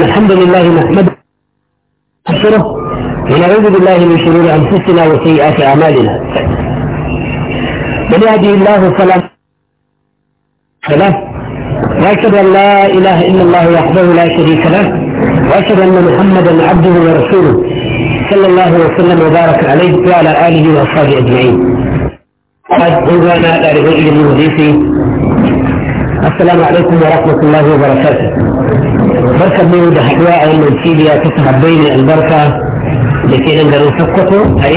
إن الحمد لله نحمده نشره ونعوذ بالله من شرور أنفسنا وسيئات أعمالنا من يهدي الله فلا فلا وأشهد أن لا إله إلا الله وحده لا شريك له وأشهد أن محمدا عبده ورسوله صلى الله وسلم وبارك عليه وعلى آله وأصحابه أجمعين قد أوزانا لرجل المهديسي السلام عليكم ورحمة الله وبركاته بركة من الحقواء من سيليا تتحبين البركة لكي عند الحقوة أي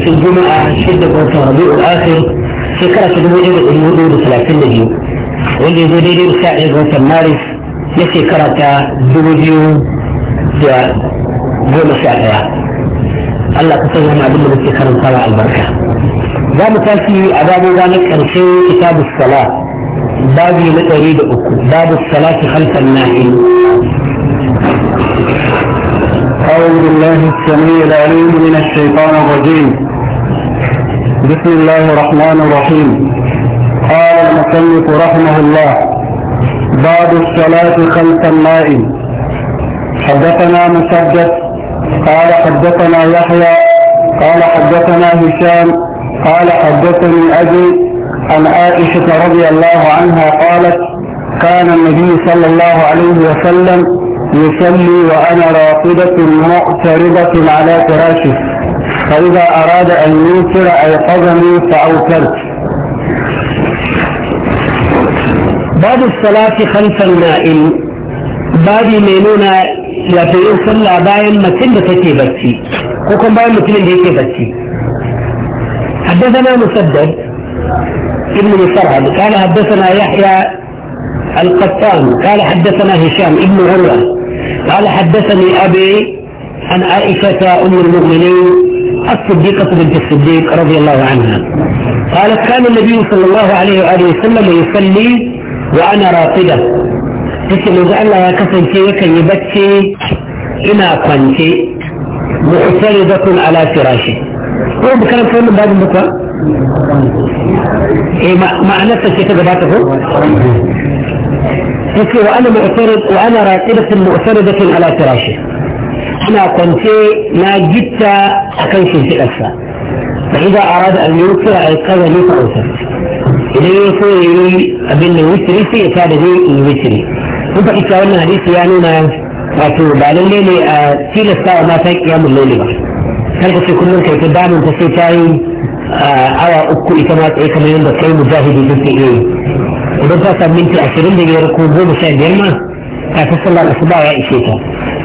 في الجمعة شدة وصربيء الآخر فكرة دمجر المدو بثلاثين نجيو واللي دمجر سائد وصمارس لكي كرتا دمجر دون سائد الله تصور مع دمجر سكرة طلع البركة دام تاتي أبابي ذلك أنشي كتاب الصلاة بابي na ɗari باب الصلاة خلف النائم أعوذ بالله السميع العليم من الشيطان الرجيم بسم الله الرحمن الرحيم قال المصنف رحمه الله باب الصلاة خلف النائم حدثنا مسجد قال حدثنا يحيى قال حدثنا هشام قال حدثني أبي عن عائشة رضي الله عنها قالت كان النبي صلى الله عليه وسلم يصلي وأنا راقدة معترضة على فراشه فإذا أراد أن ينكر أيقظني فأوترت بعد الصلاة خلف النائم بعد mai يا wato صلى باين ما mutum da take bacci ko kuma bayan حدثنا مسدد ابن مسرهد قال حدثنا يحيى القطان قال حدثنا هشام ابن عروة قال حدثني أبي عن عائشة أم المؤمنين الصديقة بنت الصديق رضي الله عنها قالت كان النبي صلى الله عليه وآله وسلم يصلي وأنا راقدة take manzo Allah ya kasance yakan yi bacci ina kwance mu'taridatun ala firashi ko bukan fannin babu إيه معناتها كيف بدأته يقول وأنا معترض وأنا راقبة مؤترضة على فراشي أنا كنت ما جدت أكنش في اكسا فإذا أراد أن يوتر أيقظ لي فأوتر إذا يقول لي أبن الوتري في اكاد لي الوتري وانت قلت لنا حديث يعني ما wato ba lalle ne a ما wa mata الليل lalle هل kar ka ce kullum kai ta awa uku ita ma tsaye kamar yadda kai mujahidi kake iya yi idan ka samu minti ashirin da biyar ko goma sha biyar ma ka ta sallar asuba ya ishe ta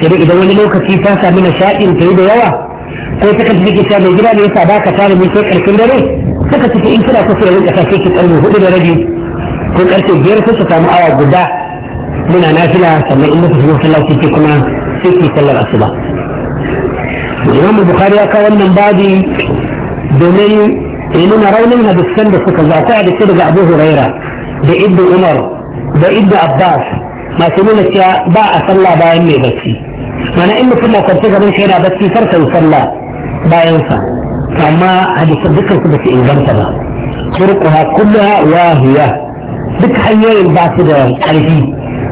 sai idan wani lokaci ta samu nishaɗin ta yi da yawa ko ta kasu take ta mai gida da yasa ba ka tare mai sai ƙarfin dare suka tafi in kira kusa yawan ƙasa sai ki ƙarni hudu da rabi ko ƙarfe biyar sai ta samu awa guda muna nafila sannan in muka shiga masallaci ke kuma sai ki sallar asuba. Imam Bukhari ya kawo wannan babi domin ya nuna raunin hadisan da suka zata a dake daga abu huraira da ibn umar da ibn abbas masu nuna cewa ba a sallah bayan mai bacci mana in mutum na kwanci gaban shi yana bacci kar ka yi sallah bayansa amma hadisan dukkan su ba inganta ba turkuha kullaha wahiya duk hanyoyin ba su da ƙarfi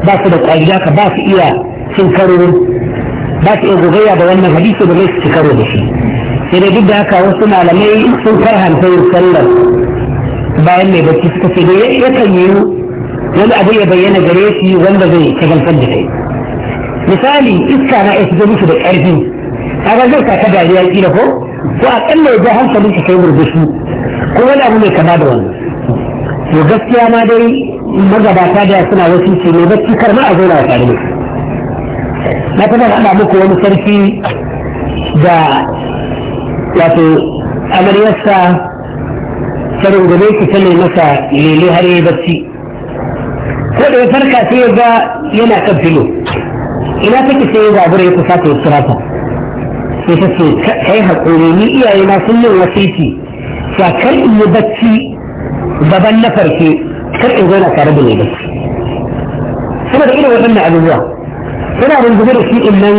ba su da ƙwari haka ba su iya cin karo ba su iya gogayya da wannan hadisi da zai su karo da shi sai dai duk da haka wasu malamai sun karhanta yin sallar bayan mai bacci suka ce da kan yi wani abu ya bayyana gare shi wanda zai kagantar da kai misali iska na ya shiga musu da ƙarfi ga zai ka ta dariya kila ko ko akalla ya ga hankalin shi kai murgushi ko wani abu mai kama da wannan to gaskiya ma dai magabata da suna wasu ce mai bacci kar a zauna a tare na taɓa haɗa muku wani sarki da wato amaryarsa ta rungume ki ta masa lele har yi bacci ko da ya farka sai ya ga yana kan filo ina take sai ya zabura ya kusa ta yi surata sai ta ce kai haƙuri ni iyaye na sun yin wasiti sa kar in yi barci gaban na farke kar in zo na tare da mai bacci saboda irin waɗannan abubuwa suna rungume da shi in nan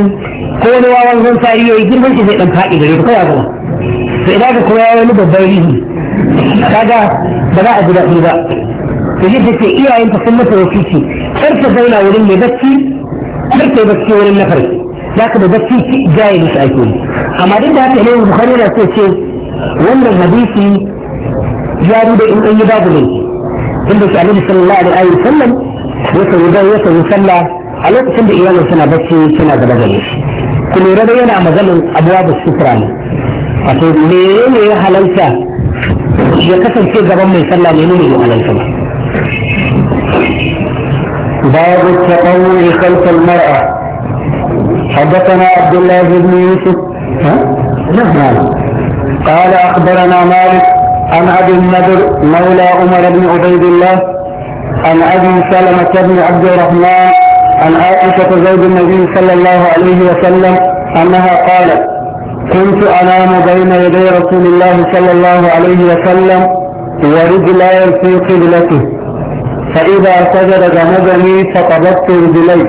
ko wani wawan zan sari yayi girman shi zai dan faɗi gare ka kawai kuma to idan ka koya wani babban rihi kaga ba za a ji daɗi ba to shi take iyayen ta sun mata wakilci kar ta zauna wurin mai bacci kar ta yi bacci wurin na farki za ka da bacci jaye musu ake yi amma duk da haka ne bukhari na so ce wannan hadisi ya duba in an yi babu ne inda shi annabi sallallahu alaihi wa sallam ya sauya ya sauya sallah a lokacin da iyalin suna bacci suna gaba gare shi ku lura da yana maganin abuwa da sutura ne wato mene ne ya halalta ya kasance gaban mai sallah mene ne ya halalta ba باب التطوع خلف المرأة حدثنا عبد الله بن يوسف ها؟ قال أخبرنا مالك عن أبي النذر مولى عمر بن عبيد الله عن أبي سلمة بن عبد الرحمن عن عائشة زوج النبي صلى الله عليه وسلم أنها قالت كنت أنام بين يدي رسول الله صلى الله عليه وسلم ورجلاي في قبلته فإذا سجد جنبني فقبضت رجلي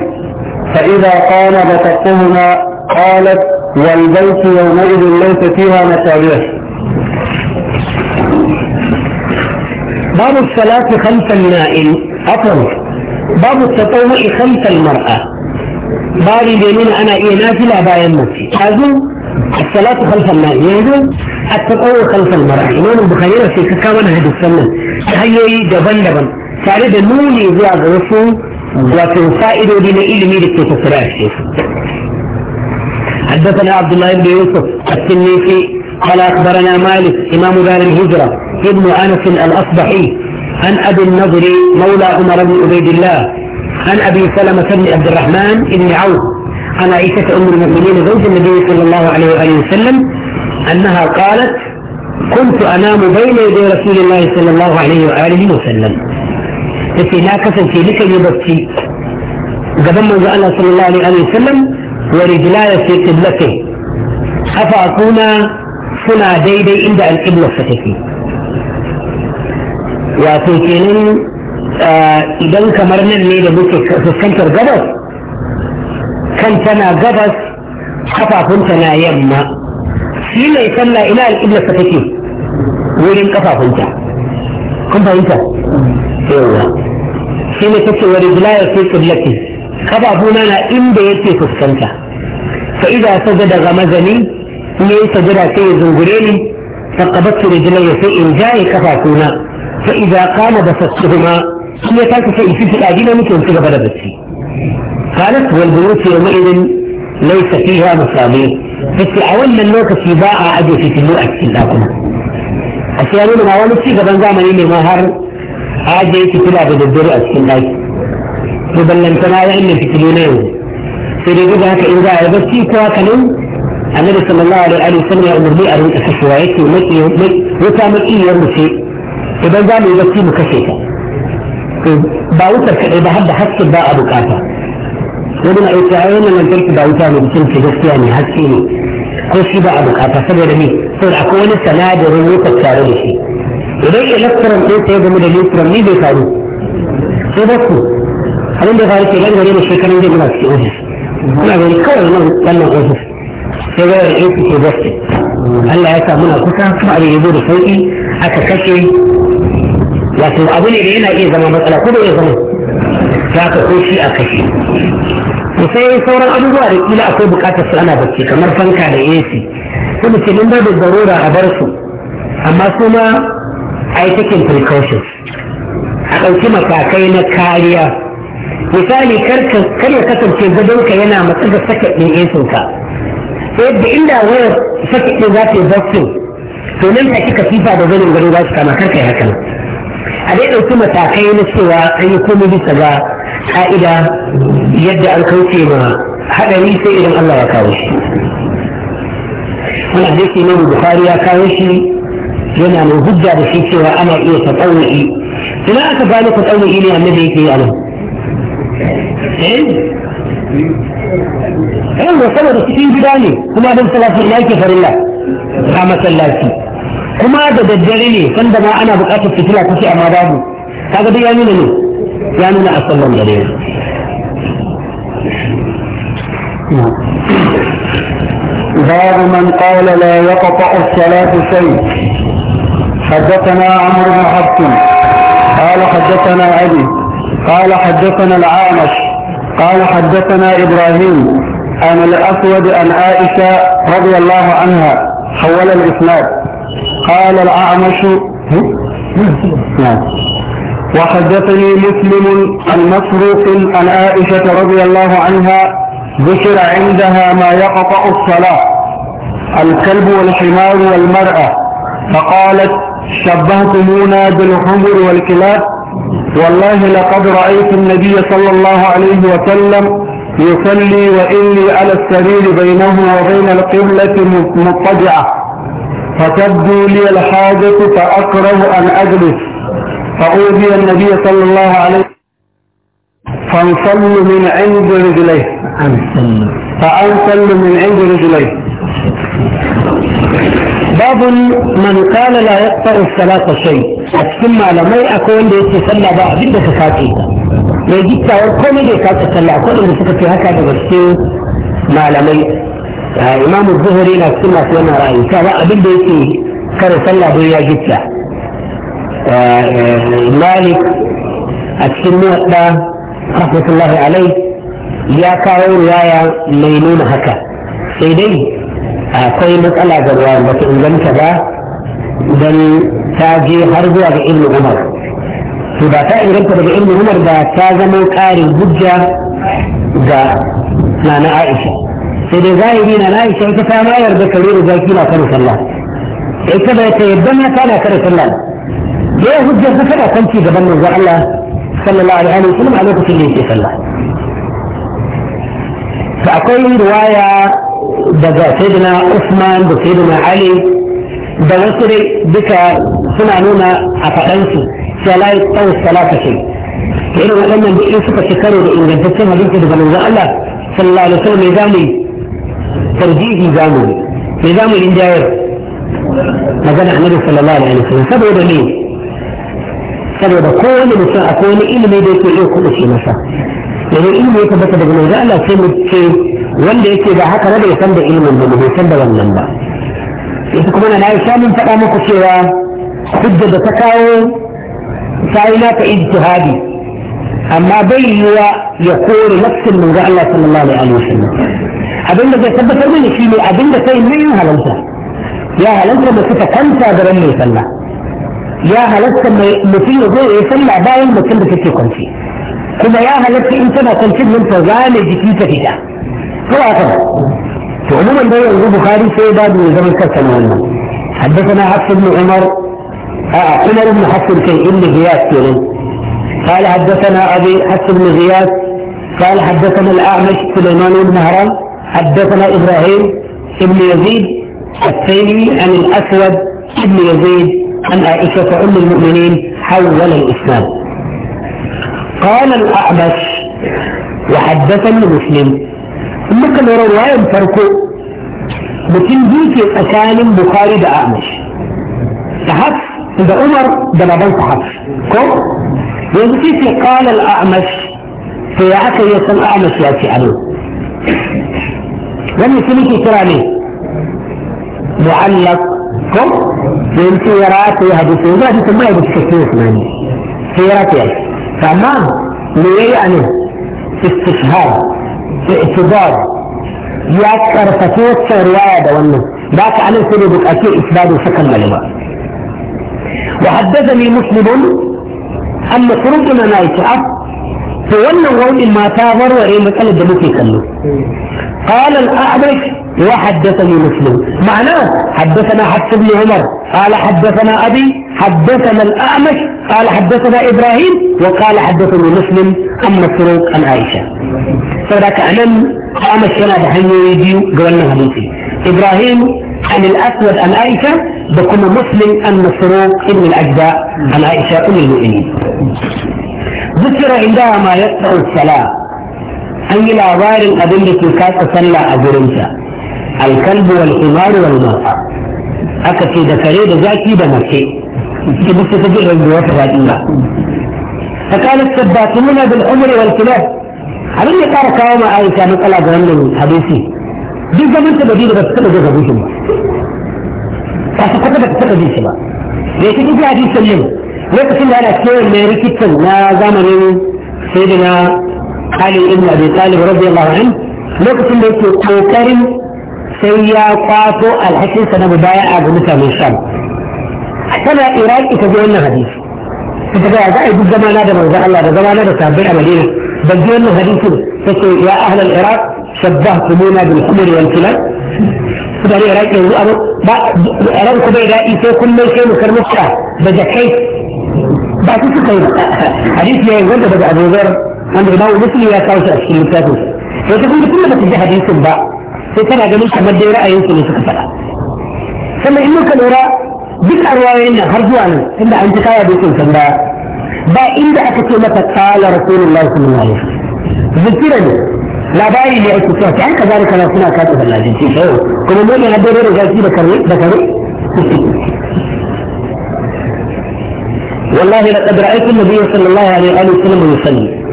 فإذا قام بسطهما قالت والبيت يومئذ ليس فيها مشاريع باب الصلاة خلف النائم أطول باب التطوع خلف المرأة باري بيننا أنا إيه نافلة باين نفسي هذا الصلاة خلف المرأة يعني التطوع خلف المرأة إمام البخاري في كاكاوان هذه السنة هي إيه دبن دبن فارد da nuni zuwa ga فائدة دين إلمي لكي حدثنا عبد الله بن يوسف السنيسي قال اخبرنا مالك امام دار الهجره ابن انس الاصبحي عن أبي النضر مولى عمر بن عبيد الله عن أبي سلمة بن عبد الرحمن بن عوف عن عائشة أم المؤمنين زوج النبي صلى الله عليه وآله وسلم أنها قالت كنت أنام بين يدي رسول الله صلى الله عليه وآله وسلم في لا في لك يبكي قبل من الله صلى الله عليه وآله وسلم ورجلاي في قبلته أفأكون فنا ديدي عند القبلة فتكي wato kenan idan kamar nan ne da muke fuskantar gabas kan tana gabas kafafunta na yamma shi mai sallah ina al'iblarsa take wurin kafafunta kun fahimta yawa shi ne take wani bilayar sai tsiblati kafafuna na inda yake fuskanta fa idan sajada ga mazani ne sajada sai ya zungure ni فقبضت رجلي في إنجاء كفافونا فإذا قام بسطهما هي كانت في في الأدينة مثل كده بلا بسي قالت والبيوت يومئذ ليس فيها مصابيح بس أول من لوك في باعة أجو في تلو لكم أشياء من أول شيء قبل زمن من مهر أجو في تلو أبد أكسلاكم أكسل يعني في لم sai dai في تلو نيو za a yi barci ko haka nan annabi sallallahu alaihi wa sallam ya umarni a rinka kashewa yake wuta idan za mu yi bacci mu kashe ta ba wutar kaɗai ba har da haske ba a bukata wani na aiki a yanar lantarki ba wuta ne bikin ke gaskiya ne haske ne ko shi ba a bukata saboda ne saboda akwai wani sanadarin wutar tare da shi idan electron ɗin sai game da neutron ni bai faru sai da ku abin da ya faru ke gani gare da shekarun zai muna cikin ofis kuna gani kawai nan wannan ofis sai wayar aiki ke gaske Allah ya sa muna kusa kuma abin ya zo da sauƙi aka kashe wato abu ne da yana iya zama matsala ko bai zama za ka ko shi a kashe to sai sauran abubuwa da kila akwai bukatar su ana bacci kamar fanka da AC ko da ce mun ba da zarura a bar su amma su ma a yi cikin precautions a ɗauki matakai na kariya misali kar ya kasance gadonka yana matsa da sakat ɗin AC ka yadda inda wayar sakat ɗin za ta yi to nan take kasifa da zanin gado za su kama kar ka yi hakan a dai ɗauki matakai na cewa an yi komai bisa ga ka'ida yadda an kauce ma haɗari sai idan Allah ya kawo shi wani hadisi na Bukhari ya kawo shi yana mai hujja da shi cewa ana iya tatsawu'i ina aka bani tatsawu'i ne annabi yake yi a nan eh saboda cikin gida ne kuma don salatu ina yake farilla a masallaci kuma da daddare ne kan da ma ana buƙatar fitila ta ce amma babu kaga dai ya nuna ne ya nuna a sallan باب من قال لا يقطع الصلاة شيء حدثنا عمرو بن حفص قال حدثنا أبي قال حدثنا العامش قال حدثنا إبراهيم عن الأسود عن عائشة رضي الله عنها حول الإسناد قال الأعمش نعم. وحدثني مسلم عن عن عائشة رضي الله عنها ذكر عندها ما يقطع الصلاة الكلب والحمار والمرأة فقالت شبهتمونا بالحمر والكلاب والله لقد رأيت النبي صلى الله عليه وسلم يصلي وإني على السرير بينه وبين القبلة مضطجعة فتبدو لي الحاجة فأكره أن أجلس فأوذي النبي صلى الله عليه وسلم فانصل من عند رجليه فانصل من عند رجليه باب من قال لا يقطع الصلاة شيء أتكلم على ما أكون ليس يسلى بعض إلا تفاتيها لو جبت أول كومي ليس يسلى أكون ليس تفاتيها كان بسيط ما لمي Eh, imamu zuhuri na cikin masu wannan ra'ayi ta ba abin da yake kare sallah don ya gitta eh, eh, malik a cikin muwadda rahmatullahi alai ya kawo riwaya mai nuna haka sai dai akwai matsala ga ruwa ba ta inganta ba don ta je har zuwa ga ilmi umar to ba ta inganta daga ilmi umar ba ta zama ƙarin hujja ga nana aisha sai dai zahiri na Aisha ita ta mayar da kare da zaki na kare sallah ita bai ta yadda mata na kare sallah da ya hujjar ta tana kwanci gaban manzon Allah sallallahu alaihi wa sallam a lokacin da yake sallah to akwai riwaya daga sayyidina Usman da sayyidina Ali da wasu dai duka suna nuna a faɗansu sai la yaqtawu salata shay irin waɗannan da suka ci karo da ingantaccen hadisi daga manzon Allah sallallahu alaihi wa sallam ya zamu tarjihi zamu ne me zamu rinjayar magana annabi sallallahu alaihi wasallam saboda ne saboda kowane mutum akwai wani ilimi da yake iya kuɗa shi masa idan ilimi ya tabbata daga manzo Allah sai mu ce wanda yake ba haka na bai san da ilimin ba bai san da wannan ba ita kuma na Aisha mun faɗa muku cewa hujja da ta kawo sai na ka ijtihadi amma bai yiwa ya kore nafsin manzo Allah sallallahu alaihi wasallam abin da zai tabbatar mini shi ne abin da sai yin halarta ya halarta da suka kwanta da ran mai sallah ya halarta mai mutum ya zo ya yi sallah bayan mutum da take kwanci kuma ya halarta in tana kwanci nan ta zame jiki ta fita ko a kan to umuman dai yanzu bukhari sai babu ya zama kansa wannan حدثنا حفص بن عمر عمر بن حفص كي ابن غياث قال حدثنا ابي حفص بن غياث قال حدثنا الاعمش سليمان بن هرم حدثنا إبراهيم بن يزيد التيمي عن الأسود بن يزيد عن عائشة أم المؤمنين حول الإسلام قال الاعمش وحدثني مسلم ثم كان رواية فركو بتنجيك أسان بخالد اعمش. تحف إذا أمر دلبان تحف كم؟ يزكيك قال الأعمش في عكية الأعمش يأتي عنه لم يسلكي كراني معلق كم انتيرات يهدف وما دي تما يهدف كثير ماني سيرات يعني فما ليعني استشهاد اعتبار يأكثر فتوت رواية دولنا ذاك على سبب أكيد إثبات وشكل ملما وحدثني مسلم أن خروجنا نايتعب to wannan waunin ما warware matsalar مثلا muke kallo قال الأعمش وحدثني مسلم معناه حدثنا حفص بن عمر قال حدثنا أبي حدثنا الأعمش قال حدثنا إبراهيم وقال حدثني مسلم أما مسروق عن عائشة فذاك أعلم قام أنا بحين يديو قولنا حديثي إبراهيم عن الأسود عن عائشة بكم مسلم أن مسروق ابن الأجزاء عن عائشة أم المؤمنين ذكر عندها ما يقطع السلام an yi labarin abin da ke kasa sallah a gurinta alkalbu wal himaru wal mar'a aka ce da kare da zaki da mace ki duk ta ji rayuwa ta faɗi ba fakalat sabbatuna bil umri wal kilab abin da kara kawo ma aisha matsala ga wannan hadisi duk zaman ta bari da ba su taɓa ga bushin ba ba ta kwata ba ta taɓa jin shi ba da yake duk hadisin ne lokacin da ana kewaye mai rikitan na zamanin sai da na علي بن ابي طالب رضي الله عنه لقت لك كوكر سيا قاتو الحسن سنة مبايع أبو نتا من الشام حسنا إيران إتجوه لنا حديث فتبقى أعزاء يقول زمان هذا موزع الله هذا زمان هذا سابع مدينة بجوه لنا حديث فسوا يا أهل العراق شبهتمونا بالحمر والفلان فتبقى إيران يقول أبو ما أرمك بإيران إيسو كل شيء مكرمشة بجكيت بعد كيف حديث يا يقول بجع أبو غير wanda imamu muslim ya kawo shi a cikin littafin sai ta kuma kullum ta ji hadisin ba sai tana ganin kamar dai ra'ayin su ne suka faɗa sannan in muka lura duk a ruwayoyin nan har zuwa nan inda an ji kaya dokin sanda ba inda aka ce mata kala rasulullahi sallallahu alaihi wasallam zikira ne labari ne ake cewa ta kaza da kaza suna kasa da lajinci kuma dole na dare da gashi da kare da kare والله لقد رأيت النبي صلى الله عليه وآله وسلم يصلي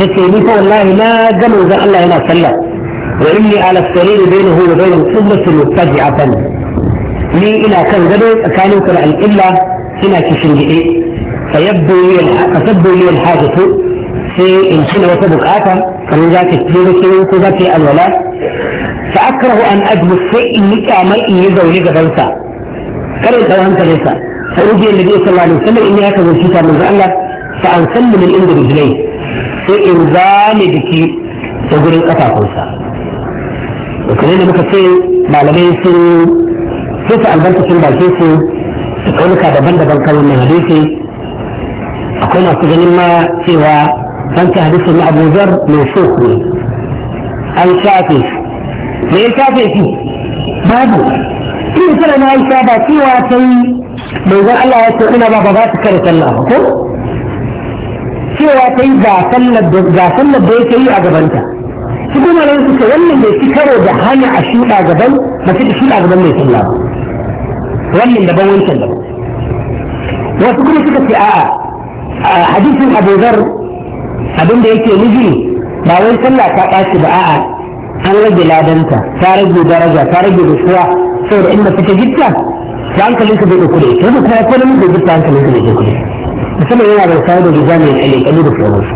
حسيني الله لا دم ذا الله لا سلا وإني على السرير بينه وبين القبلة متجعة لي إلى كان ذا كان يقرا الا هنا كشنجي إيه. فيبدو لي فتبدو لي الحاجة في إن شئنا وتبك آتا فمن ذاك السرير كنت ذاتي الولاء فأكره أن أجلس في إني كامل إني ذولي قبلتا كرهت أوهمت ليسا فأوجي النبي صلى الله عليه وسلم إني هكذا الشيطان من ذا الله فأنسلم الإنجل إليه sai in zane jiki ta gurin kafafunsa da kuma da muka ce malamai sun sai su albarkacin baki su su kaunuka daban-daban kawai mai hadisi akwai masu ganin ma cewa an ta hadisi na abubuwar mai so ne an shafe shi me ya shafe shi babu ina kira na aisha ba cewa ta yi zan Allah ya ce ina ba ba za ta kare sallah ba ko cewa ta yi ga sallar da yake yi a gabanta shi kuma ran suka wannan bai ci karo da hana a shuɗa gaban da da shuɗa gaban mai sallah wannan daban wancan daban wasu kuma suka ce a'a hadisin abu abin abinda yake nufi ba wai sallah ta ɓaci ba a'a an rage ladanta ta rage daraja ta rage rufuwa saboda inda suka gitta ta hankalinka bai ɗauki da ita wanda kuma ko namiji bai gitta hankalinka bai ɗauki da ita mutumin yana da kawo da riga mai kyalkyali da sauransu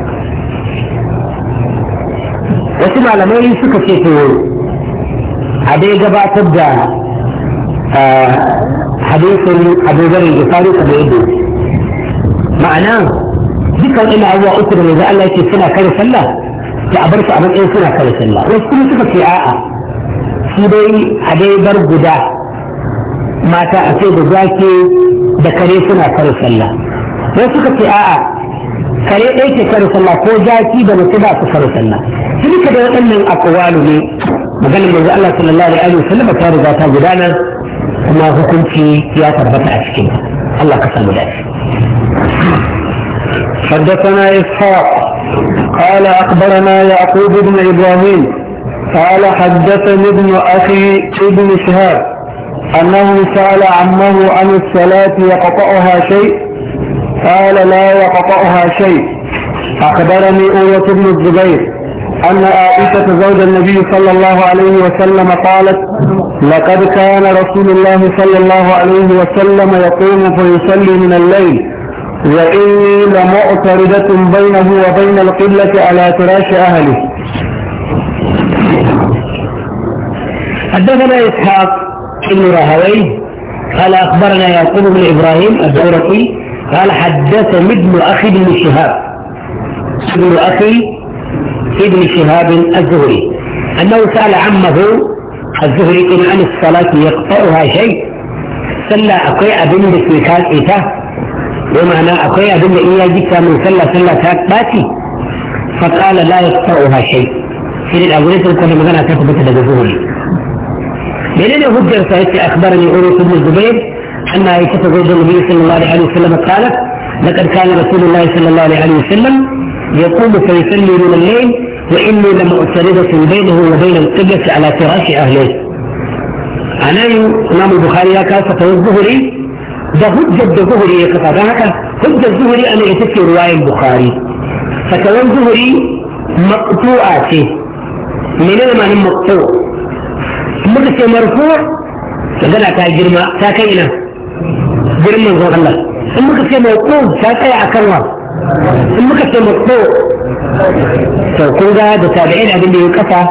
wasu malamai suka ce to a dai gabatar da hadisin abubuwan da faru kamar yadda ma'ana dukkan ina abuwa uku da mai za Allah ce suna kare sallah da a bar su a matsayin suna kare sallah wasu kuma suka ce a'a shi dai a dai bar guda mata a ce da zaki da kare suna kare sallah sai suka ce a'a kare ɗaya ke karo sallah ko jaki da mutu ba su karo sallah duka da waɗannan akwalu ne maganar manzo Allah sallallahu alaihi wasallam ta riga ta gudanar kuma hukunci ya tabbata a cikin Allah ka samu dace حدثنا إسحاق قال أخبرنا يعقوب بن إبراهيم قال حدثني ابن أخي ابن شهاب أنه سأل عمه عن الصلاة يقطعها شيء قال لا يقطعها شيء أخبرني أوة بن الزبير أن عائشة زوج النبي صلى الله عليه وسلم قالت لقد كان رسول الله صلى الله عليه وسلم يقوم فيصلي من الليل وإني لمعترضة بينه وبين القلة على فراش أهله حدثنا إسحاق بن راهويه قال أخبرنا يعقوب بن إبراهيم الزورقي قال حدثني ابن أخي ابن شهاب ابن أخي ابن شهاب الزهري أنه سأل عمه الزهري إن عن الصلاة يقطعها شيء صلى بن أبن بسمكال إيته ومعنى أقيع بن إيا جيكا من سلى سلى تاكباتي فقال لا يقطعها شيء في الأولاد كنا مغنى تثبت لدى الزهري هجر سيدتي أخبرني أوروس بن الزبير أن عائشة زوج النبي صلى الله عليه وسلم قالت لقد كان رسول الله صلى الله عليه وسلم يقوم فيصلي من الليل وإني لمعترضة بينه وبين القبلة على فراش أهله أنا إمام البخاري يا كاسة الظهري ده هجة الظهري يقطع هكا هجة الظهري أنا يتكي رواية البخاري فتوى الظهري مقطوعة من المعنى مقطوع مدة مرفوع لك تاجر ما ساكينه gurin manzon Allah in muka ce mawquf ta tsaya akan wa in muka ce mawquf to kun ga da tabi'in abin da ya kafa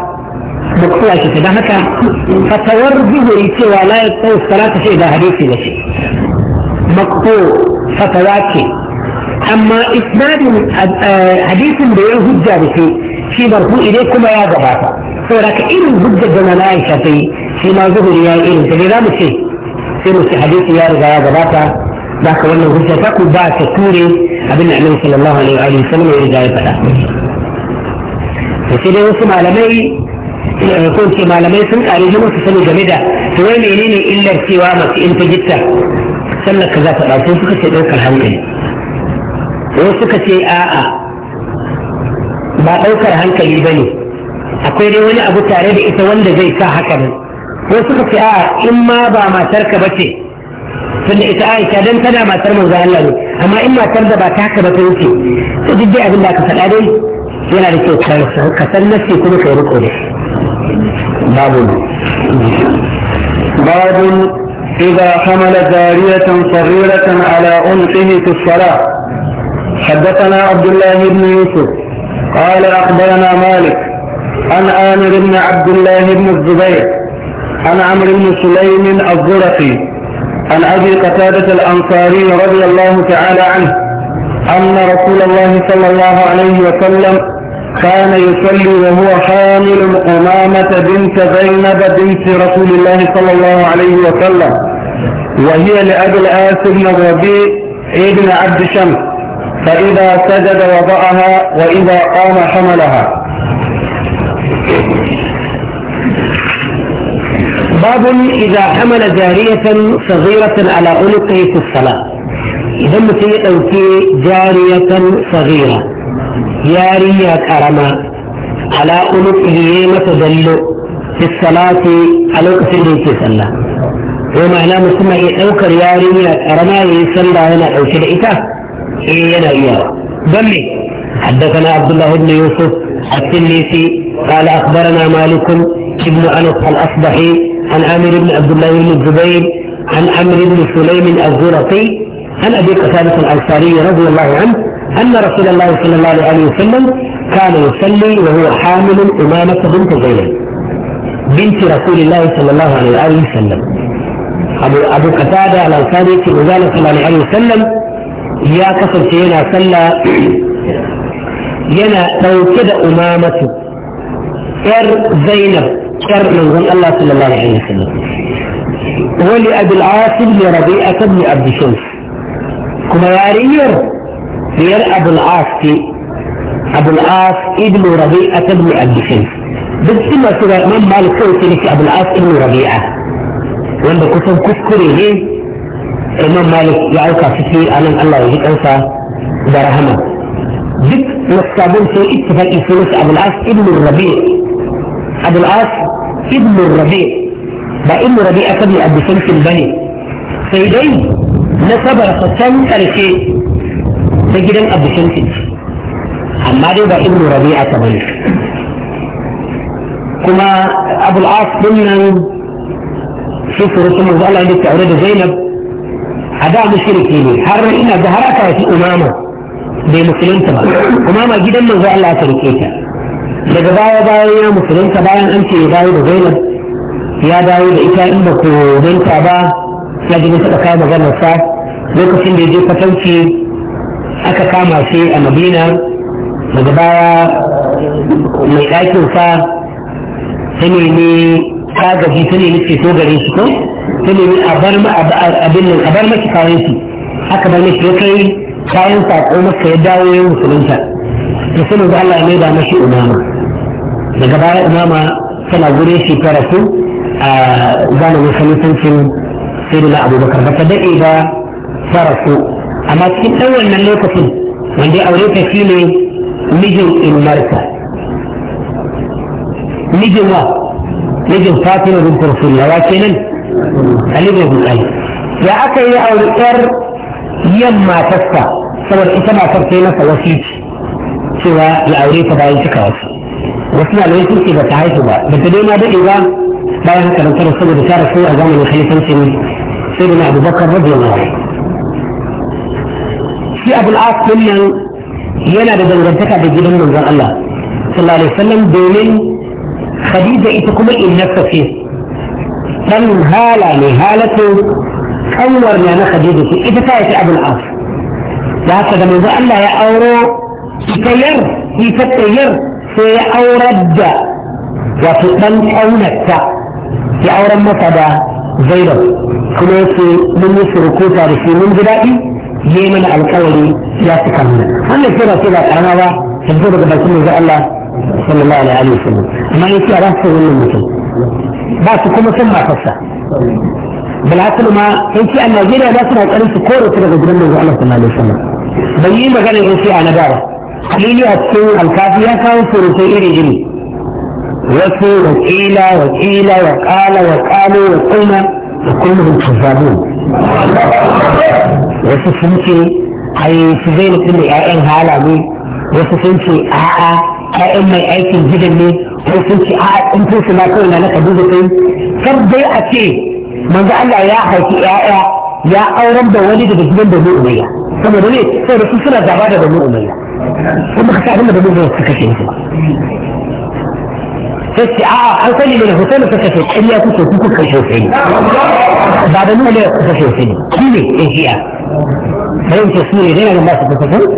مقطوعة كده هكا فتور به سوى لا يقطع الصلاة شيء ده حديثي لشيء مقطوع فتواتي أما إسناد حديث بيو هجة بشيء في مرفوع إليكما يا جباتا فلك إن هجة جمالائشة في ما ظهر يا إن تجرام شيء sai mu ci hadisi ya riga ya gabata za ka wannan hujja ta ku ba ta ture abin da annabi sallallahu alaihi wa sallam ya riga ya faɗa sai dai wasu malamai eh, ko ce malamai sun ƙare shi su sani game da to wai menene illar cewa masu in ta gitta sannan ka za ta ɗauko suka ce ɗaukar hankali wasu suka ce a'a ba ɗaukar hankali ba ne akwai dai wani abu tare da ita wanda zai sa haka nan sai suka ce a'a in ma ba matar ka bace tunda ita Aisha dan tana matar manzo Allah ne amma in matar da ba taka ba ta wuce to duk dai abin da aka faɗa dai yana da kyau ka san nasi kuma ka yi riko da babu babu إذا حمل جارية صغيرة على أنقه في الصلاة حدثنا عبد الله بن يوسف قال أخبرنا مالك عن آمر بن عبد الله بن الزبير عن عمرو بن سليم الزرقي عن أبي قتادة الأنصاري رضي الله تعالى عنه أن رسول الله صلى الله عليه وسلم كان يصلي وهو حامل أمامة بنت زينب بنت رسول الله صلى الله عليه وسلم وهي لأبي الآس بن الربيع ابن عبد شمس فإذا سجد وضعها وإذا قام حملها باب إذا حمل جارية صغيرة على عنقه في الصلاة إذا او في جارية صغيرة جارية كرمة على عنقه متدل في الصلاة على كفر في وما لا مسمى إيه أوكر جارية كرمة يصلى إيه هنا أو شرعته إيه أنا إيه إياه بلي حدثنا عبد الله بن يوسف التليسي قال أخبرنا مالك ابن أنس الأصبحي عن عامر بن عبد الله بن الزبير عن عامر بن سليم الزرقي عن ابي قتاده الانصاري رضي الله عنه ان رسول الله صلى الله عليه وسلم كان يصلي وهو حامل امامه بنت زينب بنت رسول الله صلى الله عليه واله وسلم ابو ابو قتاده الانصاري في صلى الله عليه وسلم يا كسر سينا صلى ينا لو كده امامته ار زينب شر من الله صلى الله عليه وسلم ولأبي العاصم لربيعة بن عبد شمس كما يارير بير أبو العاص أبو العاص ابن ربيعة بن عبد شمس بس ما سوى من مالك سوى لك أبو العاص ابن ربيعة wanda kusan kuskure ne imam malik يعوكا auka ciki a nan allah ya ji kansa da rahama duk wasabin sun ittifaqi sun أبو العاص ابن الربيع بقى ابن الربيع بن أبو سلف البني سيدي نسب رقصان تركي سجدا أبو سلف أما دي بقى ابن الربيع بني كما أبو العاص قلنا شوفوا رسول الله الله عندك أولاد زينب أداء مشركين لي هر إن ظهرك في أمامه بمسلمتها أمامه جدا من الله تركيتها daga baya bayan ya musulunta bayan an ce ya dawo da zainab ya dawo da ita inda ko danta ba ya ji suka kai maganar sa lokacin da ya je kwatanci aka kama shi a madina daga baya mai ɗakin sa ta nemi kagaji ta nemi ceto gare shi ko ta nemi a bar abin nan a bar maki kayan shi aka bar maki ya kai kayan ko maka ya dawo ya musulunta da sanin da Allah ya maida mashi umama daga baya umama tana gure shi ta rasu a zamanin khalifancin sayyidina abubakar ba ta daɗe ba ta rasu amma cikin ɗan wannan lokacin wanda ya aure ta shi ne mijin imarta mijin wa mijin fatima bin turfullah wa kenan ali bin hulai ya aka yi aure yar yamma tasta saboda ita matar ta yi masa wasiki cewa ya aure ta bayan cika wasu wasu malamai sun ce ba ta haihu ba ba ta dai ma daɗe ba bayan haka nan tara saboda ta rasu a zamanin khalifancin sai da na abubakar radiyallahu anhu shi abul as nan yana da dangantaka da gidan manzon Allah sallallahu alaihi wasallam domin Khadija ita kuma innarsa ce dan hala ne halatu kanwar na na Khadija ce ita ta yi abul as da haka da manzon Allah ya auro cikayar hikakkayar sai ya aurar da wato ɗan ƙaunarta ya auren masa da zaidan kuma yake mun yi surukuta da shi mun ji daɗi yi mana alkawari ya fi kamuna wannan sai ba sai ba karama ba yanzu daga bakin manzo Allah sallallahu alaihi wa sallam amma yake a rasu wannan mutum ba su kuma san matarsa بالعكس ما انت ان نيجيريا لا daga gidan كوره كده جدا من الله صلى الله yi وسلم بيجي مكان a na نجاره kalili a cikin alkafi ya kawo surutai iri-iri wasu wakila wakila wakala wa wakuna da kullum tuzabu wasu sun ce ai su zai mutum da 'ya'yan hala wasu sun ce a'a 'ya'yan mai aikin gidan ne wasu sun ce a'a ɗin tun su ma kawai na naka duba kai kar dai a ce manzo Allah ya haifi 'ya'ya ya auren da wani daga gidan da mu umayya saboda ne saboda su suna zaba da banu umayya ثم خشى عبد الله بن السكتي فسي اه او تلي منه وتلي فسكتي اللي اكوت وكوك كشوفين بعد ما لا كشوفين كيلي ايه هي فهم تصميري دينا لما سكتفين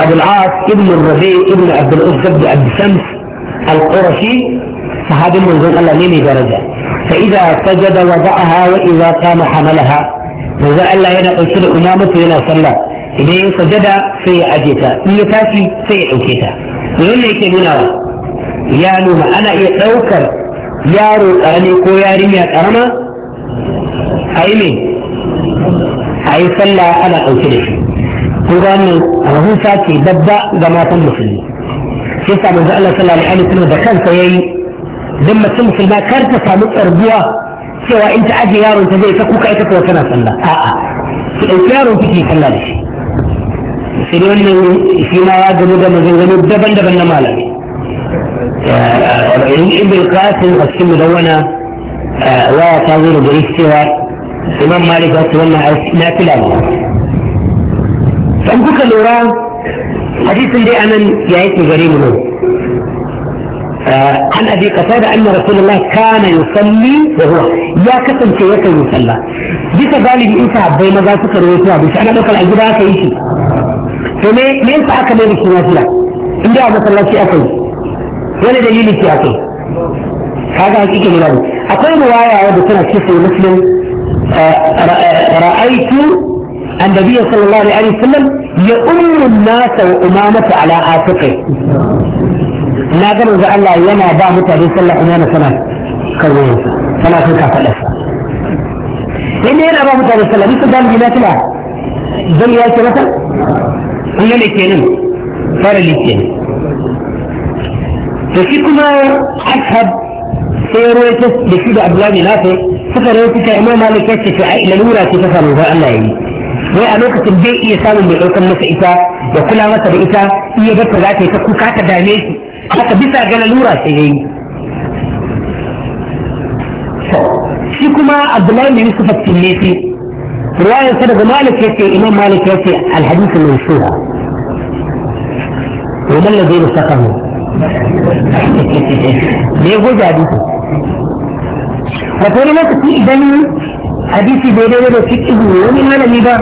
ابو العاص ابن الربيع ابن عبد الاسد بن عبد الشمس القرشي فهذا من قال له درجه فإذا سجد وضعها وإذا قام حملها manzon Allah yana ɗauke da umamatu yana sallah idan ya sajada sai ya aje ta in ya sai ya ɗauke ta wannan yake nuna ya nuna ana iya ɗaukar yaro ƙarami ko yarinya ƙarama a yi ne a yi sallah ana ɗauke da shi ko wannan rahusa ce ga matan musulmi sai sa manzon Allah sallallahu da kansa yayi idan mace musulma kar ta samu tsarguwa cewa in ta ajiye yaron ta zai ta kuka ita kuwa tana sallah a'a ki ɗauki yaron ki ke sallah da shi sai dai wannan shi ma ya gano da maganganu daban-daban na malami ibn qasim a cikin mudawwana waya ta zo da gari cewa imam malik wasu wannan na fila ne dan kuka lura hadisin dai anan ya yake gare mu ne آه، عن ابي قتاده ان رسول الله كان يصلي وهو يا كتم كي يكن يصلى بيتا بالي بي انت بين ما ذاك رويتها بس انا بقول الجدا كيشي فما ما ينفع كما يمشي نافلة ان جاء مثلا شيء اكل ولا دليل شيء اكل هذا حقيقة ملابس اقول رواية يا سنة الشيخ المسلم آه، آه، رأيت النبي صلى الله عليه وسلم يؤم الناس وأمامة على عاتقه na ga manzo Allah yana ba mutane sallah ina sana kan wayansa sana kan kafadarsa inda yana ba mutane sallah ni sun dalibi na tuna zan ya ce masa wannan ne kenan fara litinin da shi kuma ashab sai ya rawaita da shi da abdullahi na nafi suka rawaita ta imam malik ya ce ai lalura ce ta samu ba Allah ya yi wai a lokacin bai iya samun mai ɗaukar masa ita da kula masa da ita iya ga ta za ta yi ta kuka ta dame shi haka bisa ga lalura sai ya yi shi kuma abdullahi bin yusuf at-tilisi riwayar sa daga malik yace imam malik yace al-hadith al-mansura wa man ladhi mustaqam ne goja hadisi wato ne lokaci idan hadisi daidai da fiqh wani malami ba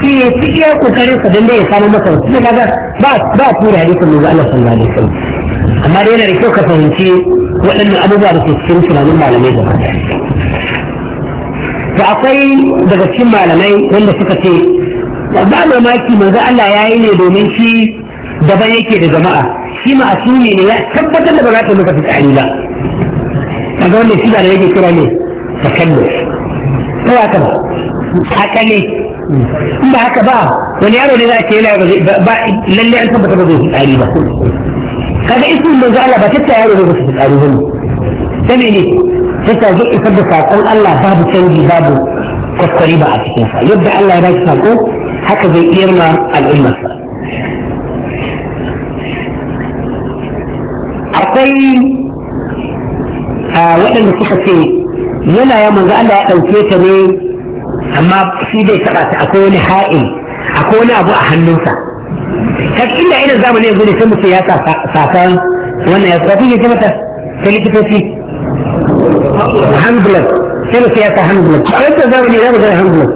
shi ya fi iya kokarin sa dan da ya samu masa wasu kaga ba ba tura hadisin manzo Allah sallallahu alaihi wasallam amma dai yana da kyau ka fahimci waɗannan abubuwa da ke cikin tunanin malamai da to akwai daga cikin malamai wanda suka ce ba mamaki manzo Allah ya yi ne domin shi daban yake da jama'a shi ma asumi ne ya tabbatar da ba za ta maka fitsari ba kaga wannan shi da yake kira ne takallus ko haka ba haka ne in ba haka ba wani yaro ne za a ce yana ba lalle an tabbata ba zai fitsari ba kaga ismin manzo Allah ba tatta yaro ne ba su tsari ba sai ne sai ta zo isar da sakon Allah babu canji babu kwaskwari ba a cikin sa yadda Allah ya baki sako haka zai iyar ma al'ummar sa akwai waɗanda suka ce yana ya manzo Allah ya ɗauke ta ne amma shi bai taɓa ta akwai wani ha'il akwai wani abu a hannunsa kaga inda irin zamani yanzu ne sai mutum ya sasan wannan ya safi ya ce mata sai likitoci hand blood sai mutum ya sa hand blood a yanzu zamani ya magana hand blood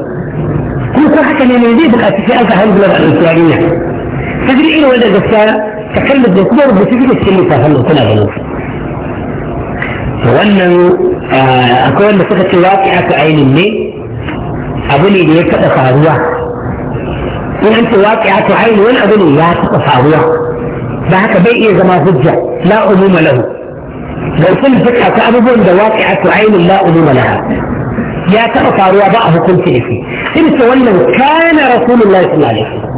kuma ko haka ne ne zai buƙaci sai an sa hand blood a ɗauki yarinya ta ji irin wanda gaskiya takalmar da kuma rubutu da cikin littafin da kuna ganin wannan akwai wanda suka ce waƙi aka ainin ne abu ne da ya taɓa faruwa in an ce waqi'a to aini wani abu ne ya taɓa faruwa da haka bai iya zama hujja la umuma lahu garfin duka ta abubuwan da waqi'a to aini la umuma laha ya taɓa faruwa ba a hukunci da shi in ce wannan kana rasulullahi sallallahu alaihi wasallam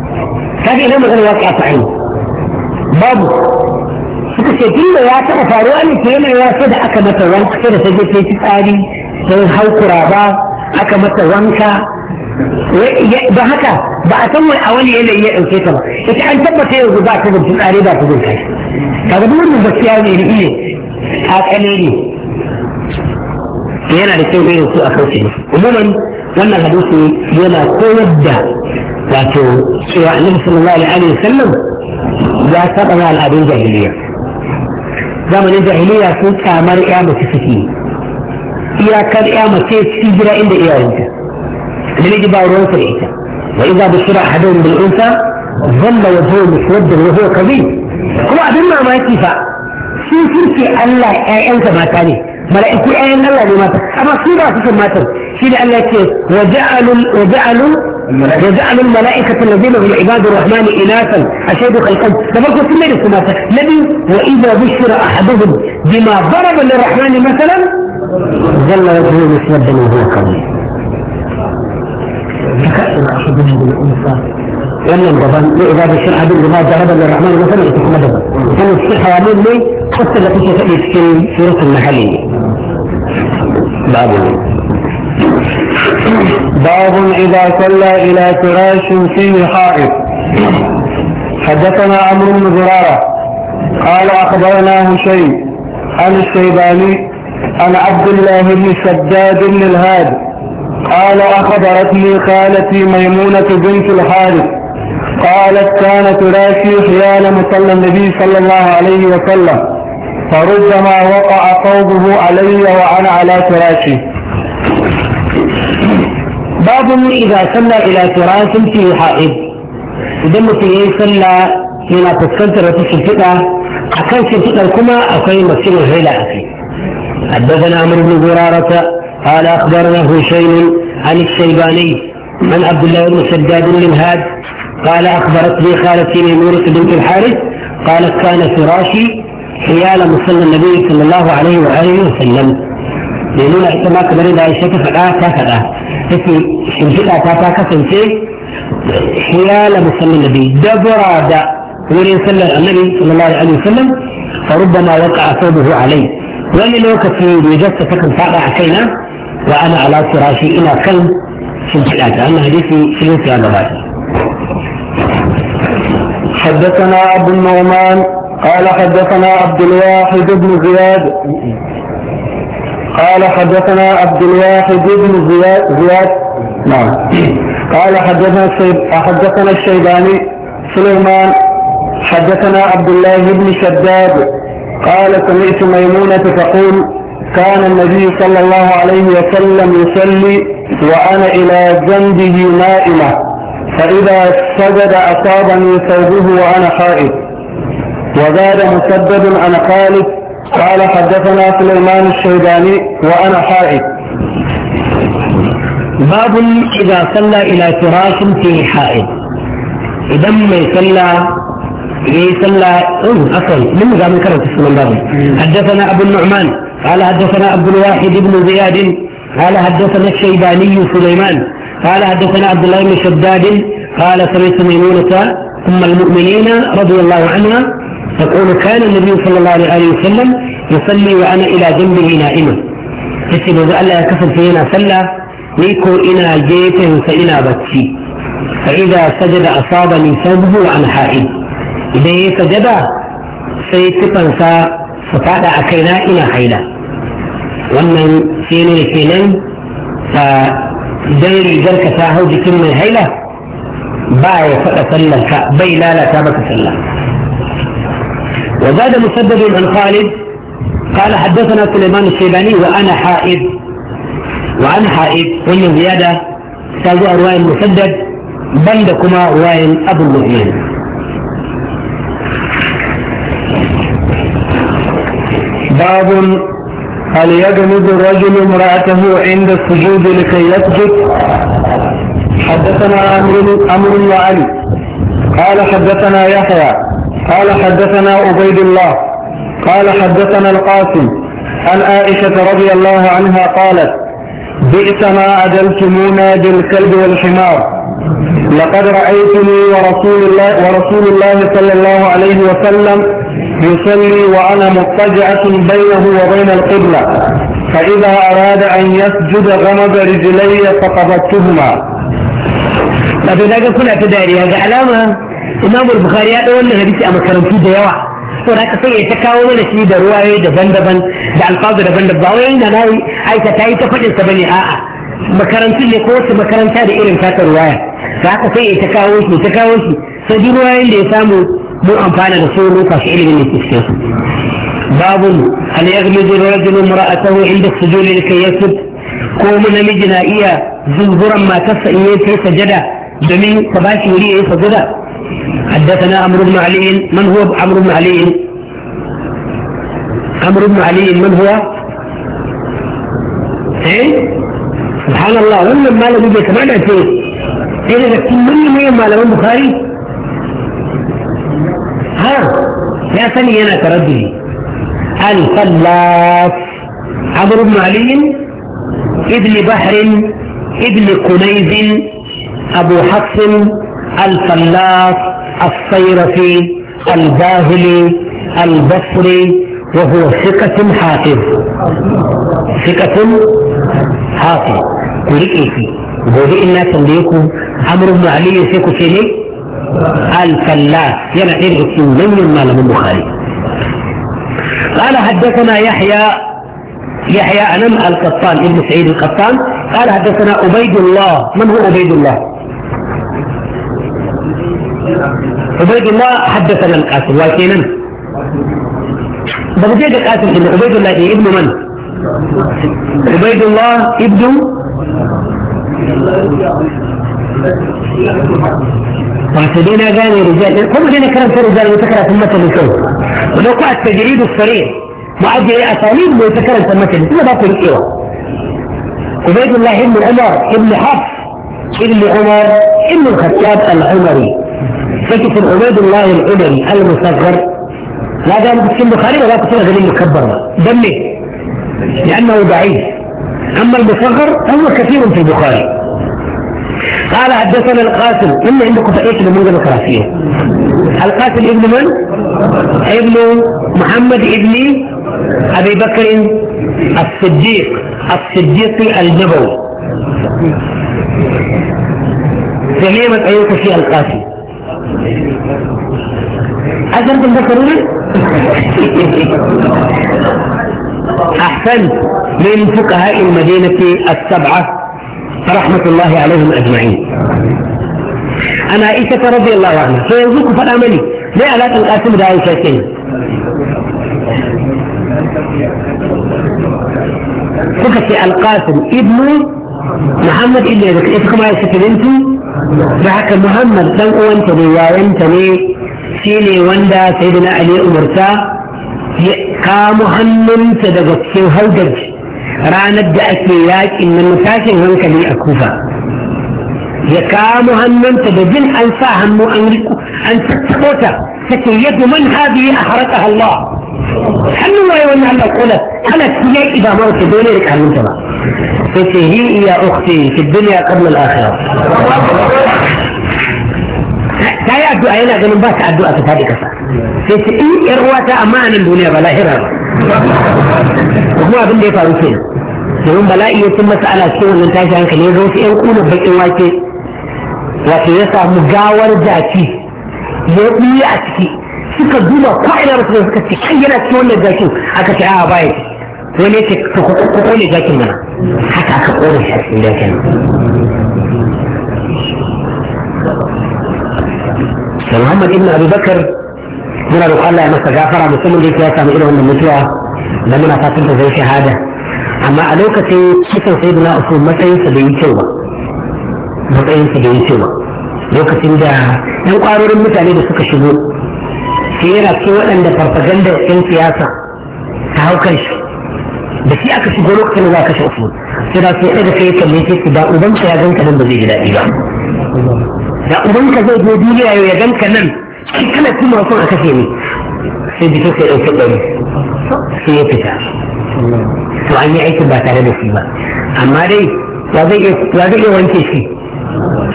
kaga ina magana waqi'a to aini babu suka ce tunda ya taɓa faruwa ne ke yana ya da aka mata wanka sai da ta je ta yi tsari sai haukura ba aka mata wanka da haka ba a san wani a wani yanayi ya ɗauke ta ba ita an tabbata yanzu ba ta gurfi tsare ba ta kai, kaga duk wannan gaskiya ne iri ne a kane ne yana da kyau ne su a kauce ne umuman wannan hadisi yana koyar da wato cewa annabi sallallahu alaihi wasallam ya saba ma al'adun jahiliya zamanin jahiliya sun kamar ya mace suke iyakar ya mace cikin gida inda iyayenta da ba ruwan sa ita وإذا بشر أحدهم بالأنثى ظل وجهه مسودا وهو كبير هو أدنى ما يتفع شو سرسي الله أي أنت ما تاني ملائكة أي أن الله لما تاني أما في سيكون ما تاني شو لأن الله وجعلوا وجعلوا وجعلوا الملائكة الذين هم عباد الرحمن إناثا أشهد خلقهم تبقوا في الليل سماسة الذي وإذا بشر أحدهم بما ضرب للرحمن مثلا ظل وجهه مسودا وهو كبير ذكاء ما أخذهم بالأنثى لم ينضبن لإذا بالشرع بالرماء ضربا للرحمن مثلا يكون مدبا كان في حوامين لي حتى لو كنت في رق المحلي باب باب إذا صلى إلى فراش فيه حائط حدثنا عمرو بن زرارة قال أخبرنا شيء عن الشيباني عن عبد الله بن سداد بن الهاد قال أخبرتني خالتي ميمونة بنت الحارث قالت كان تراشي حيال مصلى النبي صلى الله عليه وسلم فربما وقع ثوبه علي وأنا على فراشي باب إذا صلى إلى فراش في حائض idan في ya yi sallah yana في wata shimfiɗa a kan shimfiɗar kuma akwai masjidin haila حدثنا عمرو بن زرارة قال اخبرنا هشيم عن الشيباني من عبد الله بن سداد هاد قال اخبرتني خالتي ميمونه بنت الحارث قالت كان فراشي حيال مصلى النبي صلى الله عليه وآله وسلم لأننا إذا ما كبرنا إذا شكف آتا كذا إذا شمشت آتا كذا كسنسي حيال مصلى النبي دبرا دا ولين صلى النبي صلى الله عليه وسلم فربما وقع ثوبه عليه ولن لو كفي بجسة تكن فاقع كينا وأنا على فراشي إلى كلب سلسلات أنا في سلسلة على حدثنا أبو النعمان قال حدثنا عبد الواحد بن زياد قال حدثنا عبد الواحد بن زياد زياد نعم قال حدثنا حدثنا الشيباني سليمان حدثنا عبد الله بن شداد قال سمعت ميمونة تقول كان النبي صلى الله عليه وسلم يصلي وأنا إلى جنبه نائمة فإذا سجد أصابني ثوبه وأنا خائف وزاد مسدد أنا خالد قال حدثنا سليمان الشيباني وأنا خائف باب إذا صلى إلى فراش في حائط إذا ما يصلى يصلى أصل من ذا من كرة السلام حدثنا أبو النعمان قال حدثنا عبد الواحد بن زياد قال حدثنا الشيباني سليمان قال حدثنا عبد الله بن شداد قال سمعت ميمونة أم المؤمنين رضي الله عنها تقول كان النبي صلى الله عليه وسلم يصلي وأنا إلى جنبه نائما yace manzo Allah فينا kasance yana sallah جيته ko بكي فإذا سجد ina bacci fa idza حائل اذا سجد sabhu an ha'id إلى ya ومن سيني سيني فدير جلك ساهو جكم هيلة باي فتا سلمك باي لا لا تابك سلة وزاد مسدد عن خالد قال حدثنا سليمان الشيباني وانا حائد وانا حائد قلنا زيادة سألوا أرواي المسدد بندكما أرواي أبو المؤمن باب هل يجلد الرجل امرأته عند السجود لكي يسجد حدثنا أمر وعلي قال حدثنا يحيى قال حدثنا عبيد الله قال حدثنا القاسم عن عائشة رضي الله عنها قالت بئس ما أدلتمونا بالكلب والحمار لقد رأيتني ورسول الله, ورسول الله صلى الله عليه وسلم يصلي وأنا مضطجعة بينه وبين القبلة فإذا أراد أن يسجد غمض رجلي فقبضتهما طب إذا قلت لك داري هذا يعني علامة إمام البخاري هذا هو الذي حديث أما كرمتي ديوة وراك سي يتكاو من الشيء ده رواية ده بند بند ده ألفاظ ده بند بند وين أي تتاي تفجل سبني آآ ما كرمتي اللي قوت ما كرمتها ده إيرن كاتر رواية فراك سي يتكاو وشي يتكاو وشي فدي رواية اللي يسامو duk amfana da sun rufa shi ilimin da ke cikin su babu hal yaghmidu rajulu imra'atahu inda sujudi likay yasud ko namiji na iya zuzuran matarsa in yayi sajada domin ka ba shi wuri yayi sajada حدثنا عمرو بن علي من هو عمرو بن علي عمرو بن علي من هو ايه سبحان الله wannan malami bai kamata ce ɗaya daga cikin manyan malaman bukhari ha ya sani yana taraddudi al-fallaf amr ibn ali ibn bahr ibn kunayz abu hafs al-fallaf الصيرفي الباهلي البصري وهو ثقة حافظ ثقة حافظ كل إيه gobe in na tambaye ku amur ibn ali sai ku ce ne الفلاس يعني إيه السنين ما لم البخاري قال حدثنا يحيى يحيى أنم القطان ابن سعيد القطان قال حدثنا عبيد الله من هو عبيد الله عبيد الله حدثنا القاسم واكينا بغداد القاسم ابن عبيد الله ابن من عبيد الله ابن واعتدينا جاني رجال هم اللي كلام في رجال متكرر سمة الكون ولو كان التجريد الصريح وعد اساليب في سمة الكون ما بقول ايوه عبيد الله ابن عمر ابن حفص ابن عمر ابن الخطاب العمري فكت عبيد الله العمري المصغر لا ده انا كنت بخاري ولا كنت غير المكبر دمه لانه ضعيف اما المصغر هو كثير في البخاري قال حدثنا القاسم من عندكم فايش من منذ الكراسيه القاسم ابن من؟ ابن محمد ابن ابي بكر الصديق الصديق الجبل جميع مدعيك في القاسم أجل تذكرون أحسنت من فقهاء المدينة السبعة رحمة الله عليهم أجمعين أنا عائشة رضي الله عنها فيرزقك فالأملي ما لا القاسم ده عائشة كين فكتي القاسم ابن محمد إلا إذا كنت كما يشكل أنتم فحكى محمد دم أنت بيا وأنت لي سيني وندا سيدنا علي أمرتا كامو هنن تدقى كيو هلقج ranar da ake yaƙin nan tashin hankali a kufa ya kamo hannunta da jin an sa hannu an riko an tattaɓo ta take yadda man hadi a haraka Allah hannun waye wannan Allah kula ana cikin yaƙi ba mara ta dole da hannunta ba sai ce hi ya ukhti fi dunya qabla al-akhirah ta yi addu'a yana ganin ba ta addu'a ta faɗi kasa sai ce in yar uwata amma a nan duniya ba lahira ba kuma abin da ya faru ke domin bala'i ya cin masa ala cikin wannan tashi hankali ya zo su yan kuna bakin wake wato ya samu gawar jaki ya ɓuya a ciki suka duba ko ina rasu suka ce kai yana cikin wannan jakin aka ce a baya sai ne ce ko kone jakin mana haka aka kone shi a cikin jakin Muhammad ibn Abu Bakar muna roƙon Allah ya masa gafara musamman da yake ya samu irin wannan mutuwa da muna fatan da zai shahada amma a lokacin kisan sai na uku matsayinsa da yi kyau ba matsayinsa da yi kyau ba lokacin da ɗan ƙwarorin mutane da suka shigo sai yana cikin waɗanda farfaganda ɗan siyasa ta hau kan shi da shi aka shigo lokacin da za a kashe uku sai da sai ɗaga kai ya kalle ku da ubanka ya ganka nan ba zai ji daɗi ba da ubanka zai zo duniya ya ganka nan كما يكون موضوع كثير في بيتوك او كدر في يبتا سوالي عيسو باتالي بسيبا اما دي وضعي وانتشي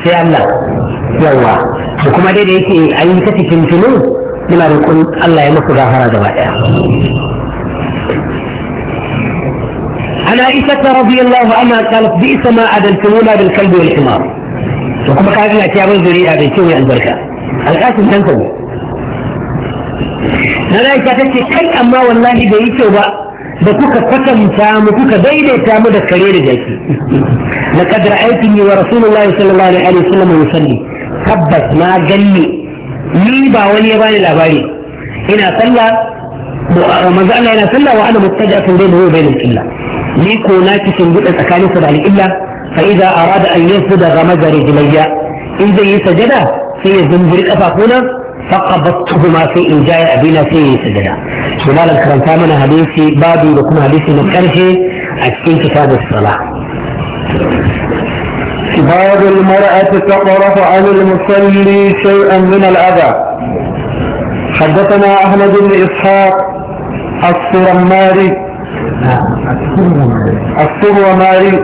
في الله يوا وكما دي دي إيه؟ اي كتي تنتنو بلا ركون الله يمكو ظاهرا دواتا انا عيسى رضي الله عنها قالت بئس ما عدلتمونا بالكلب والحمار وكما قالت لك يا رزوري هذا يتوني البركه alƙasin hankali na laika ta ce kai amma wallahi bai yi kyau ba da kuka kwatanta mu kuka daidaita mu da kare da jaki na kadar aikin yi wa rasulullahi sallallahu alaihi wasallam musalli tabbas na ganni ni ba wani ya bani labari ina sallah manzo Allah yana sallah wa ana muttajatun bayna wa bayna al-qilla ni ko na cikin gudan tsakanin su da al-qilla fa idza arada an yasjuda ghamaza rijlayya in zai yi sajada في زنجر zumburi فقبضتهما في إنجاء أبينا في سجدا وما الكرم ثامنا حديثي بابي لكم حديثي مكرشي اكتين كتاب الصلاة باب المرأة تقرف عن المصلي شيئا من الأذى حدثنا أحمد بن إسحاق السرماري السرماري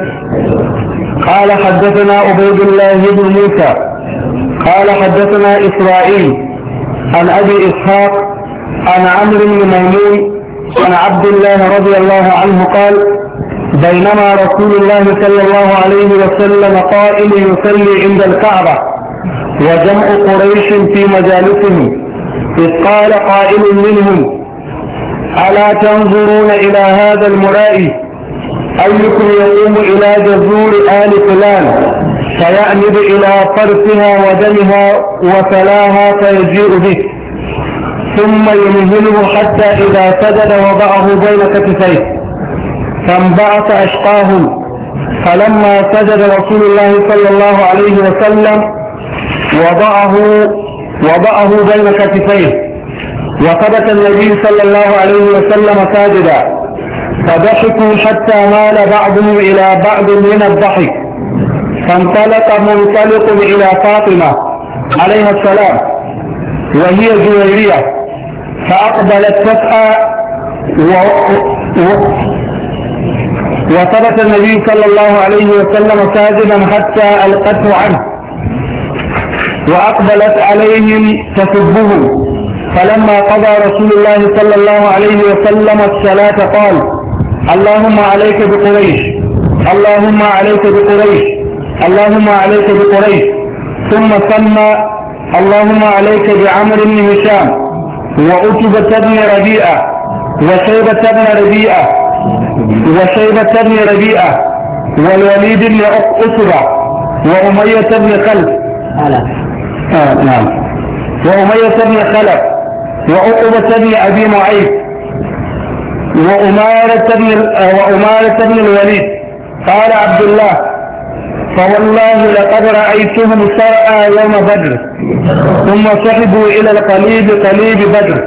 قال حدثنا عبيد الله بن موسى قال حدثنا إسرائيل عن أبي إسحاق عن عمرو بن ميمون عن عبد الله رضي الله عنه قال بينما رسول الله صلى الله عليه وسلم قائم يصلي عند الكعبة وجمع قريش في مجالسه إذ قال قائل منهم ألا تنظرون إلى هذا المرائي أيكم يقوم إلى جذور آل فلان فيأمد إلى طرفها ودمها وتلاها فيجيء به ثم يمهله حتى إذا سدد وضعه بين كتفيه فانبعث أشقاهم فلما سجد رسول الله صلى الله عليه وسلم وضعه وضعه بين كتفيه وثبت النبي صلى الله عليه وسلم ساجدا فضحكوا حتى مال بعضهم إلى بعض من الضحك فانطلق منطلق إلى فاطمة عليها السلام وهي جويرية فأقبلت تسعى و... و... وثبت النبي صلى الله عليه وسلم ساجدا حتى ألقته عنه وأقبلت عليهم تسبهم فلما قضى رسول الله صلى الله عليه وسلم الصلاة قال اللهم عليك بقريش اللهم عليك بقريش اللهم عليك بقريش ثم سمى اللهم عليك بعمر بن هشام وعتبة بن ربيعة وشيبة بن ربيعة وشيبة بن ربيعة والوليد بن عتبة وأمية بن خلف آه نعم وأمية بن خلف وعقبة بن أبي معيط وأمارة بن آه، وأمارة بن الوليد قال عبد الله فوالله لقد رأيتهم سرعى يوم بدر ثم صحبوا إلى القليب قليب بدر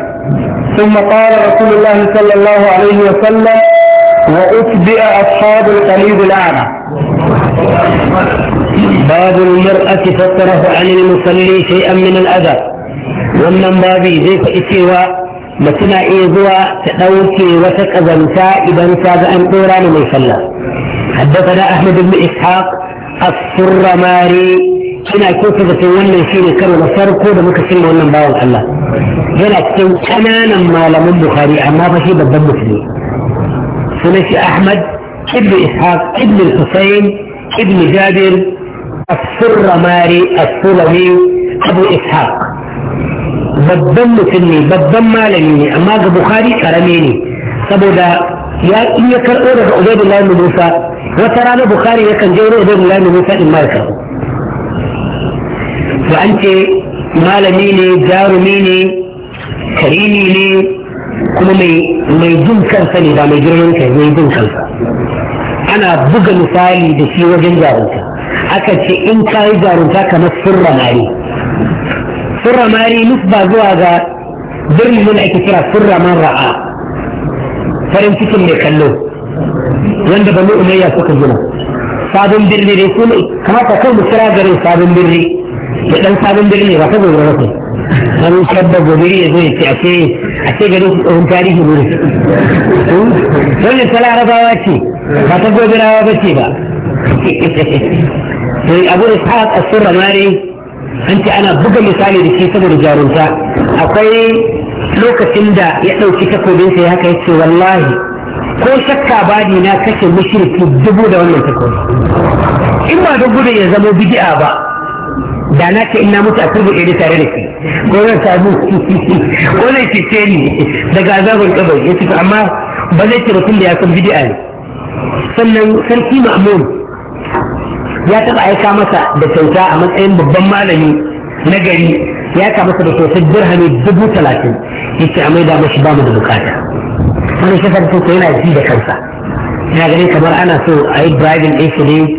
ثم قال رسول الله صلى الله عليه وسلم وأتبئ أصحاب القليب الأعمى باب المرأة فتره عن المصلي شيئا من الأذى ومن بابي زي فإتوا da tana iya وتكذا نساء إذا نساء أن idan لمن صلى حدثنا أحمد بن إسحاق السرماري ina kyautata da wannan shi ne karo na farko da muka cimma wannan bawan Allah yana cikin kananan malaman Bukhari amma fa shi babban musulmi sunan shi Ahmad ibn Ishaq ibn Husayn ibn Jabir As-Surramari As-Sulami Abu Ishaq babban mutum ne babban malami ne amma ga Bukhari karame ne saboda ya iya karɓo daga ubaidullahi bin musa wata rana bukhari ya kan je wurin ubaidullahi bin musa din ma ya to an ce malami ne jarumi ne karimi ne kuma mai jin kansa ne ba mai girman kai mai jin kansa ana buga misali da shi wajen jarumta aka ce in ka yi jarumta kamar surra mari surra mari zuwa ga birnin da ake kira surra man ra'a farin cikin mai kallo wanda banu umayya suka gina sabon birni ne su ne kamata kai mu kira garin sabon birni da dan sabon birni ba saboda wani kai wani shabba gobe ya zo ya ce a ce a ce garin su tsohon tarihi ne wannan ta larabawa ce ba ta gobe rawa ba ce ba to abu da ta a surra mare an ce ana buga misali da shi saboda jarumta akwai lokacin da ya ɗauki takobinsa ya haka ya ce wallahi ko shakka bani na kashe mushriki dubu da wannan takobi in ba don gudun ya zamo bidi'a ba da na ce ina mutu a turbo ɗaya tare da ke samu ko zai cece ni daga azabar kabar ya ce amma ba zai ce mutum da ya san bidi'a ne sannan sarki ma'amun ya taɓa aika masa da kyauta a matsayin babban malami na gari ya kamata da sosai dirhami dubu talatin ce a da mashi mu da bukata wani shi sarki ko yana ji da kansa ina ganin kamar ana so a yi driving ɗin shi ne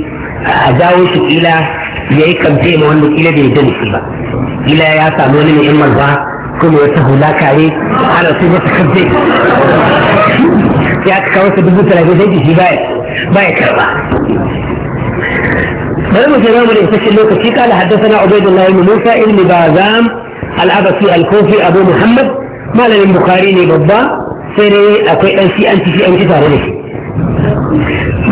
a jawo shi kila ya yi kamfe ma wanda kila ya da nufi ba kila ya samu wani mai imar ba kuma ta hula kare ana so masa kamfe ya kawo su dubu talatin sai shi ba ya karba بلما في رام الاختش اللوكسي قال حدثنا عبيد الله بن موسى ابن بازام العبسي الكوفي ابو محمد ما من بخاري لبضاء سيري اكوي انسي انتي في انتي فارنك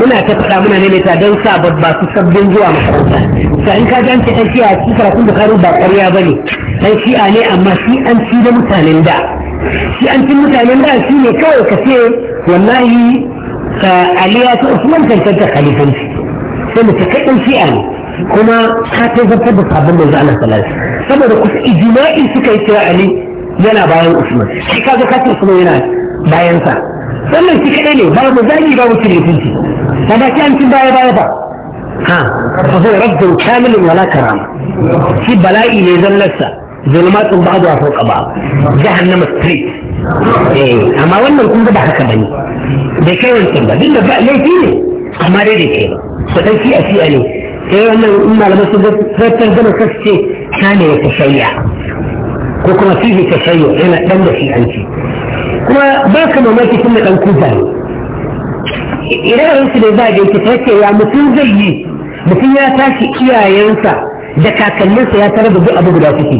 منا تفقى منا نمتا دنسا بضاء تسبين جوا محروفة فإن انتي انت انتي انسي فراكم بخاري باقر يا بني انسي آلي اما سي انسي لمتالن دا انتي انسي متالن دا سيني كاو كثير والله فعليات عثمان كانت تدخلي فنسي sai mu kai ɗan shi'a ne kuma ka ta zartar da sabon manzo Allah saboda kusa Ijima'i suka yi cewa Ali yana bayan Usman shi kaga ka ce Usman yana bayan sa sannan shi kadai ne ba mu zagi ba mutum mutunci ba ba an cin baya baya ba ha fa huwa rabbun kamilun wala karama shi bala'i ne zallarsa ظلمات بعضها فوق بعض جهنم ستريت ايه اما wannan kun ga ba haka bane bai kai wancan ba duk da ba laifi ne amma dai da kai ba فدai fi'a fi'a ne sai wannan in malamai sun zartar gama kasance kane ya tashayya ko kuma fihi tashayya yana dan da fi'anci kuma ba ka mamaki tun da dan kuza ne idan an su da za a gaita ta ce ya mutum zai yi mutum ya tashi iyayensa da kakanninsa ya tarar da duk abu guda suke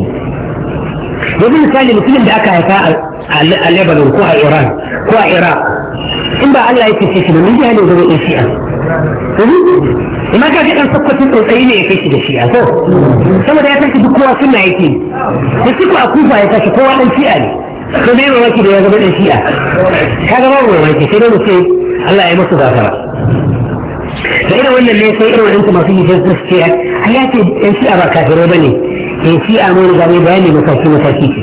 yanzu misali mutumin da aka haifa a Lebanon ko a Iran ko a Iraq in ba Allah ya ce shi ba mun ji halin zama ɗin shi'a amma ka ga dan sakkwatin tsautsayi ne ya kai shi da shi a ko saboda ya tashi duk kowa sunna yake da shi ko a kufa ya tashi kowa dan shi'a ne to me mamaki da ya zama dan shi'a ka ga babu mamaki sai dai mu ce Allah ya masa zakara da irin wannan ne sai irin wannan masu yi jinsu ce ai ya ce yan shi'a ba kafirai bane yan eh, shi'a mun riga mai bayani mataki mataki ce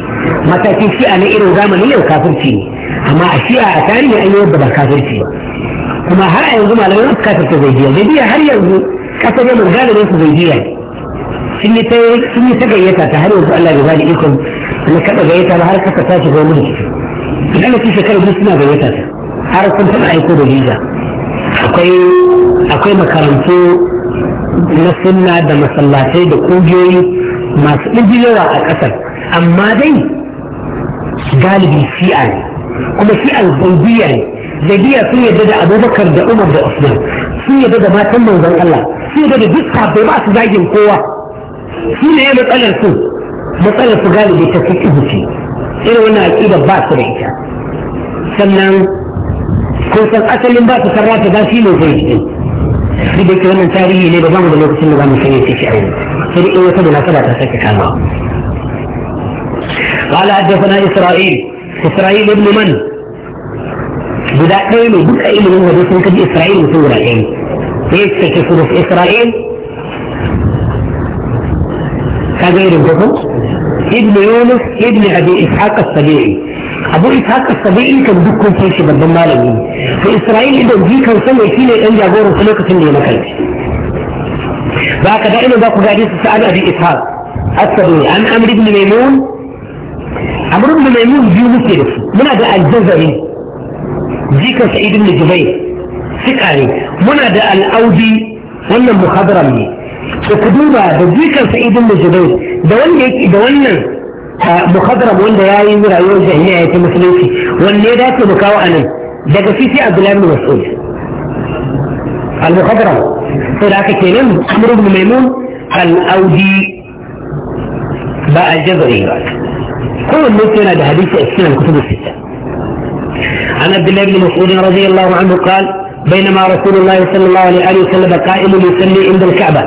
matakin shi'a na irin zamanin yau kafirci ne amma a shi'a a tarihi an yi wadda ba kafirci ba kuma har a yanzu malamai su kafir ta zaidiya zaidiya har yanzu kasar yamin galibin su zaidiya sun yi ta sun yi ta gayyata ta har yanzu Allah bai bani ikon na kaɗa gayyata ba har kasa tashi ga wani idan da kishe kai suna gayyata ta har sun taɓa aiko da visa akwai akwai makarantu na sunna da masallatai da ƙungiyoyi masu ɗin yawa a ƙasar amma dai galibi shi'a ne kuma shi'a zaidiya ne da giya sun yadda da abubakar da umar da usman sun yadda da matan manzon allah sun yadda da duk kafai ba su zagin kowa su ne matsalar su matsalar su galibi ta fi ibuci irin wannan aƙidar ba su da ita sannan kun san asalin ba su sarrafa ba shi ne zai yi duk da ke wannan tarihi ne ba za mu da lokacin da za mu sanya shi a yanzu sai dai in wata munasaba ta sake kamawa قال حدثنا إسرائيل إسرائيل ابن من guda ɗaya ne duka ilimin waje sun kaji isra'il mutum guda ɗaya ne sai ya cike su da isra'il ka ga irin kuku ibn yunus ibn abi ishaq as-sabi'i abu ishaq as-sabi'i kan dukkan sai shi babban malami to isra'il idan jikan sa mai shine dan jagoran su lokacin da ya makalci ba ka da ilimin ba ku gaji su sa'ad abi ishaq as-sabi'i an amr ibn maimun amr ibn maimun biyu muke da su muna da al-jazari jikan sa'id ibn jubair suka ne muna da al'audi wannan muhadaran ne da ku duba da jikan sa'id ibn jubair da wanda yake da wannan muhadaran wanda ya yi rayuwar jahiliya ya ta musulunci wanne ya dace mu kawo anan daga fifi abdullahi bin mas'ud al-muhadaran sai da aka kenan amr ibn maimun al-audi ba al-jazari ba kowanne yana da hadisi a cikin kutubu sita عن عبد الله بن مسعود رضي الله عنه قال بينما رسول الله صلى الله عليه وسلم قائم يصلي عند الكعبه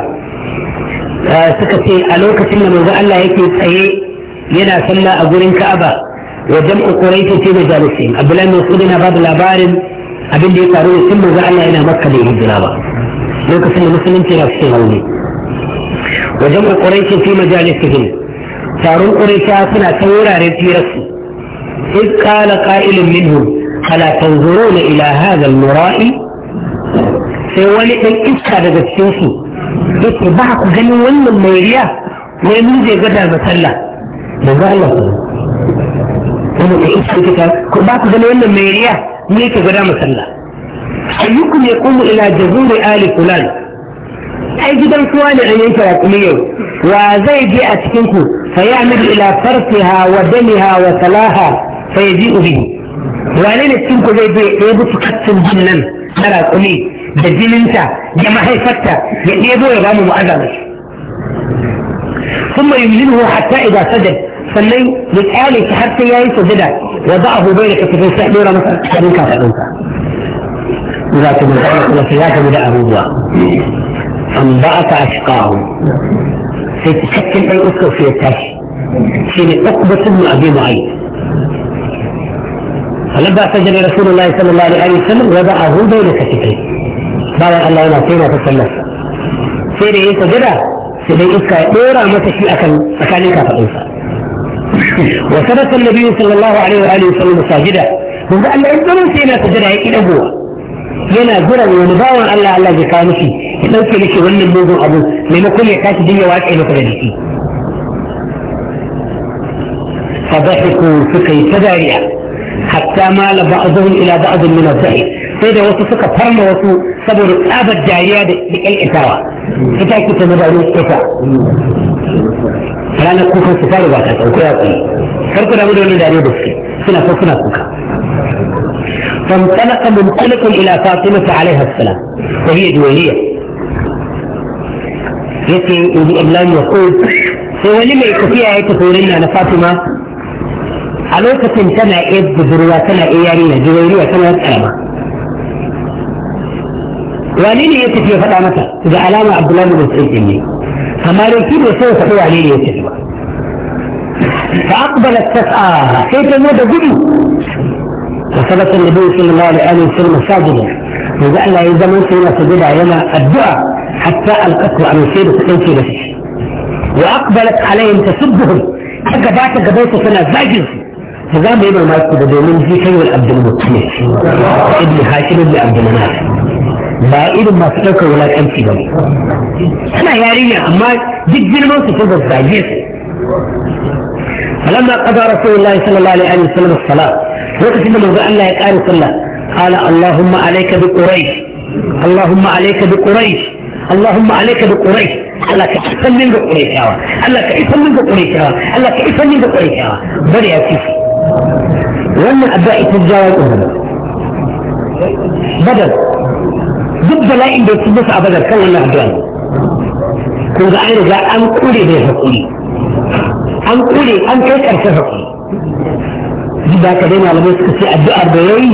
آه، سكتي الوك سلم وقال يكي سي ينا سلى اقول كعبه وجمع قريش في مجالسهم عبد الله بن مسعود باب الابار ابي اللي قالوا ثم وقال الى مكه به الجنابه لوك سلم مسلم في نفسه غني وجمع قريش في مجالسهم صاروا قريش اصلا سورا رتي رسول إذ قال قائل منهم ألا تنظرون إلى هذا المرائي ولي من إسكاد جسيسي إتباعك جنوان من ميريا ويمنزع جدا مثلا لذا الله ومن إسكاد كباك جنوان من ميريا ميت جدا مثلا أيكم يقوم إلى جذور آل فلان أي جدا سؤال أن ينسى لكم اليوم وزي جاء تكنكو فيعمل إلى فرسها ودمها وتلاها فيجيء به wane ne cikin ku zai je ya bi cikakken jin nan na raƙumi da jininta da mahaifarta ya ɗebo ya ba mu mu'aza mashi ثم يملله حتى إذا سجد sannan ya kyale shi har sai yayi sujada wa za a gobe da kafin sai dora masa karin kafadin ka za ta gudu da sai ya gamu da abubuwa an ba aka ashqahu sai cikakken ɗan uskar su ya tashi shi ne ɗaukbatun mu abi mu'ayyid فلما سجن رسول الله صلى الله عليه وسلم وضعه بين كتفيه قال الله لا سيما في السنة سيري إيكو جدا سيري اسكا دورا متشي أكل أكاليكا فالإنسا وسبس النبي صلى الله عليه وآله وسلم مساجدا بمضى أن أدرون سيما تجدا إيكي نبوه ينا جرا ونباوا ألا ألا جكانشي لو كنشي ولن نبوه أبو لما كل يحاس دي واسع نكرنشي فضحكوا فكي تداريا حتى مال بعضهم الى بعض من الزهي فإذا وصفك فرم وصو صبر أبا الجايات بكل إتاوة إتا كنت مدعوني إتا فلا نكوك سفار باتاك وكي أقول فرق رابد أن داري بسك سنة فسنة كوكا فانطلق منطلق إلى فاطمة عليها السلام وهي دولية يسي أبلان يقول فولي ما يكفيها أي تقولين أنا فاطمة حلوكة تنتمع إيه بذروة تنا إيه يعني جوينية تنا يتعلم وليل يتف يفتع مثلا إذا علامة عبدالله الله بن سعيد إني فما يكيب يسوي سحوة ليل يتف فأقبلت تسعى حيث الموضة جدي وصلت النبي صلى الله عليه وسلم ساجدا وقال لا إذا من سينا سجد علينا الدعاء حتى ألقته أن يصير سحوة وأقبلت عليهم تسبهم حتى بعت قبيته سنة زاجر za mu yi في كيو الأبد jikan ابن حاشم ابن عبد ibn abdulmanaf ba ما masu ولا wulaƙanci ba أنا يا ريني duk جد su ما zage su فلما قضى رسول الله صلى الله عليه وسلم الصلاة وقت إنما الله يقال صلى قال اللهم عليك بقريش اللهم عليك بقريش اللهم عليك بقريش الله كيف من بقريش الله كيف من بقريش الله كيف من بقريش بري يا wannan addu'a ita jawo tsoron badar duk bala'in da su musu a badar kan wannan addu'a kun ga an riga an kure mai hakuri an kure an kai ƙarshen hakuri ji ba ka dai malamai suka ce addu'ar da yayi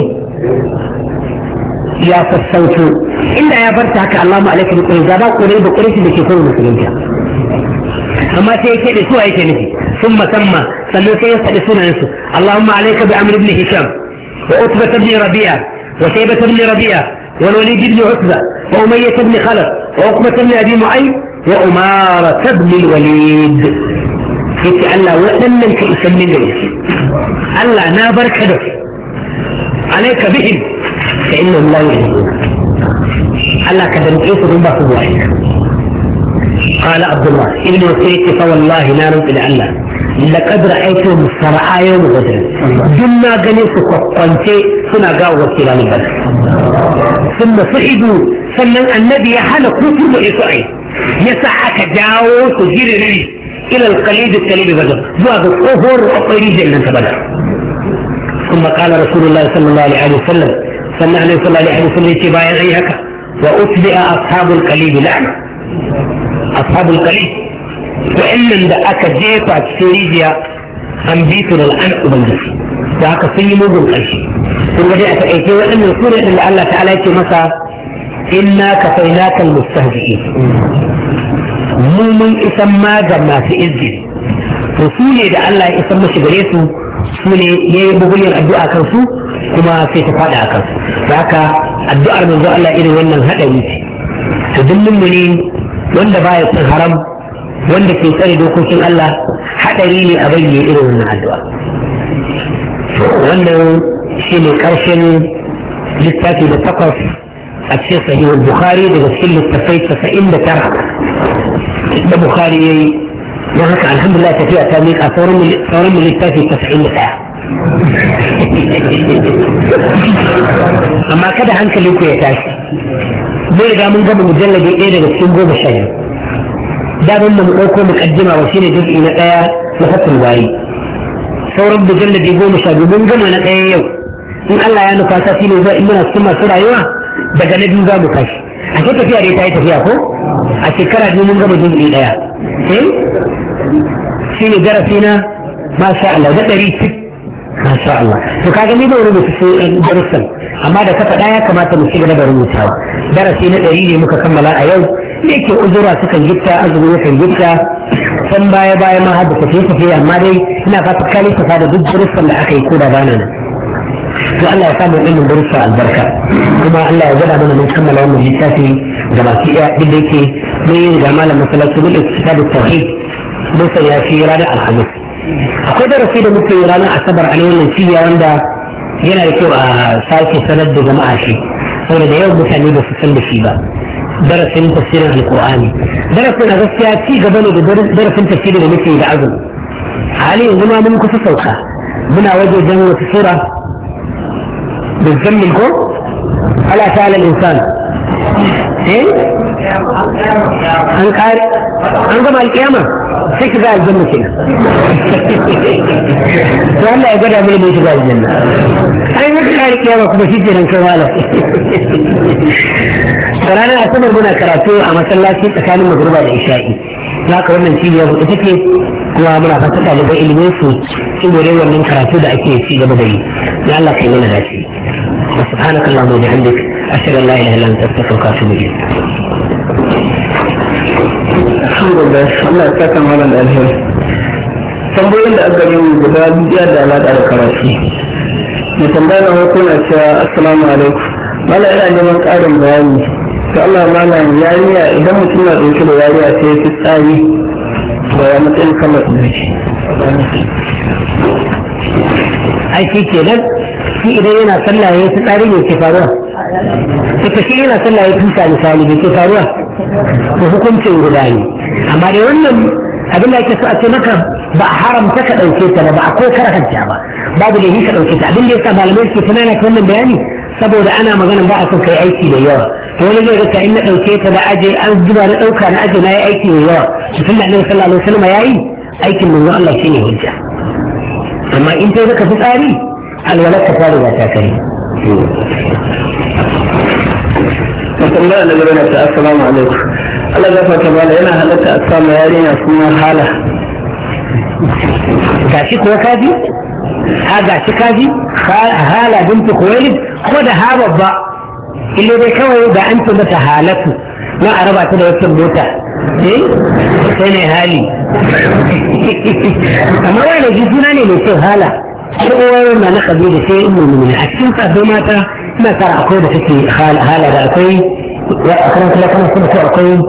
ya sassauto inda ya farta haka Allahumma alaikum qul zaba qulai da quraishi da ke kan musulunta amma sai yake da suwa yake nufi ثم تم فلو كان يستحدثون عنه اللهم عليك بأمر ابن هشام وأطبة ابن ربيعة وسيبة ابن ربيعة والوليد ابن عتبة وأمية ابن خلق وأقمة ابن أبي معين وأمارة ابن الوليد قلت ألا ولن تسمي الوليد ألا نابر كدف عليك بهم فإن الله يهدون ألا كدف كيف تنبع في الوحيد قال عبد الله ابن وسيك فوالله لا ننقل الله لقد رأيتهم صرعى يوم بدر ثم قالوا سقطنتي سنا قاوا وكيلان بدر ثم صعدوا ثم النبي يحلق ثم يصعد يسعك جاو تجير لي إلى القليد التليب بدر بعد الظهر وقريج لن بدر ثم قال رسول الله صلى الله عليه وسلم صلى الله عليه وسلم يتبايع هكا وأتبع أصحاب القليب لعنة ashabul qalil wa'annan da aka jefa cikin rijiya an bi su da al'an ubangiji da haka sun yi mugun ƙarshe kun dai a taƙaice waɗannan su da Allah ta'ala yake masa inna kafainaka almustahzi'in mu mun isan ma izini to su ne da Allah ya isan mashi gare su su ne ya yi bugunyar addu'a kan su kuma sai ta faɗa a su. Ba ka addu'ar manzo Allah irin wannan haɗari ce to duk ne wanda baya cin haram wanda ke tsare dokokin Allah hadari ne a bayyane irin wannan addu'a wannan shi ne karshen littafi da takwas a cikin sahih al bukhari daga cikin littafai tasa'in da tara da bukhari yayi don haka alhamdulillah tafiya ta miƙa sauran mu littafi tasa'in da ɗaya amma kada hankali ku ya tashi zai riga mun gama mujallabi ɗaya daga cikin goma sha biyu daban mu ɗauko muƙaddima ba shine juz'i na ɗaya na fatul bari sauran mujallabi goma sha biyu mun gama na ɗaya yau in Allah ya nufa ta shine zai muna cikin masu rayuwa daga na biyu za mu kashi a ce tafiya dai ta yi tafiya ko a shekara biyu mun gama juz'i ɗaya eh? shine darasi na masha Allah na ɗari masha Allah to kaga ni da rubuta su darussan amma da kafa ɗaya kamata mu cigaba da rubutawa darasi na ɗari ne muka kammala a yau da yake uzura sukan gitta azumi yakan gitta san baya baya ma har da tafiye tafiye amma dai ina fata kalifa da duk darussan da aka yi ko da bana nan to Allah ya samu ilimin darussa albarka kuma Allah ya gwada mana mun kammala wannan littafi da baki ɗaya duk da yake mun yi ga malam masallaci mun da kitabu tauhid mun sanya shi ranar alhamis akwai darasi da muke ranar asabar a wannan ciya wanda yana da kyau a sake sanar da jama'a shi saboda da yawan mutane ba su san da shi ba darasin tafsirin alkur'ani darasin a gaskiya ci gaba ne da darasin tafsirin da muke da azumi a halin yanzu ma mun kusa sauka muna wajejen wata sura da zammin ko ala ta'ala insan eh an kare an gama alƙiyama sai ki ga aljanna ke to Allah ya gada mai mai shiga aljanna ai muka kare kiyama kuma shi jiran kai malam ranar asabar muna karatu a masallaci tsakanin magruba da isha'i za ka wannan cibiya hudu take kuma muna fata ɗaliban ilimin su saboda wannan karatu da ake ci gaba da yi ya Allah kai mana dace subhanakallahumma wa bihamdik ashhadu an la ilaha illa anta astaghfiruka wa atubu ilayk Alhamdulillah, Allah ya saka malam da alheri. Tambayoyin da aka yi guda biya da alaƙa da karatu. Mai tambaya na farko na cewa Assalamu alaikum. Malam ina neman ƙarin bayani. Ga Allah malam yariya idan mutum na ɗauke da yariya sai ya fi tsari da ya matsayin kamar ɗauki. Aiki ke nan, shi idan yana sallah ya fi tsari ne ke faruwa. ta shi yana sallah ya tuta misali bai ke faruwa to hukuncin guda ne amma da wannan abin da ake so a ce maka ba a haramta ka ɗauke ta ba ba a ko karanta ba babu da ka ɗauke ta abin da sa malamai suke tunana ta wannan bayani saboda ana magana ba a son kai aiki da yawa to wani zai rika in na ɗauke ta da aje an zuba na ɗauka na aje na yi aiki da yawa su tun da annabi sallallahu alaihi ya yi, aikin manzo Allah ne hujja amma in ta zaka fi tsari alwalar ka fara ta kai ka tambaya na gaba ta assalamu alaikum Allah ya fata bala yana halatta a samu yarinya suna hala gashi ko kaji ha gashi kaji hala bintu kuwailid ko da ha babba ille dai kawai da an mata halatu na a raba ta da wata mota eh sai ne hali amma wani suna ne mai son hala ko wani na na kabilu sai umar mumina a cikin sabbin mata ما ترى أقول في خال هالة أقوي أقرأ كل كلام كل شيء أقوي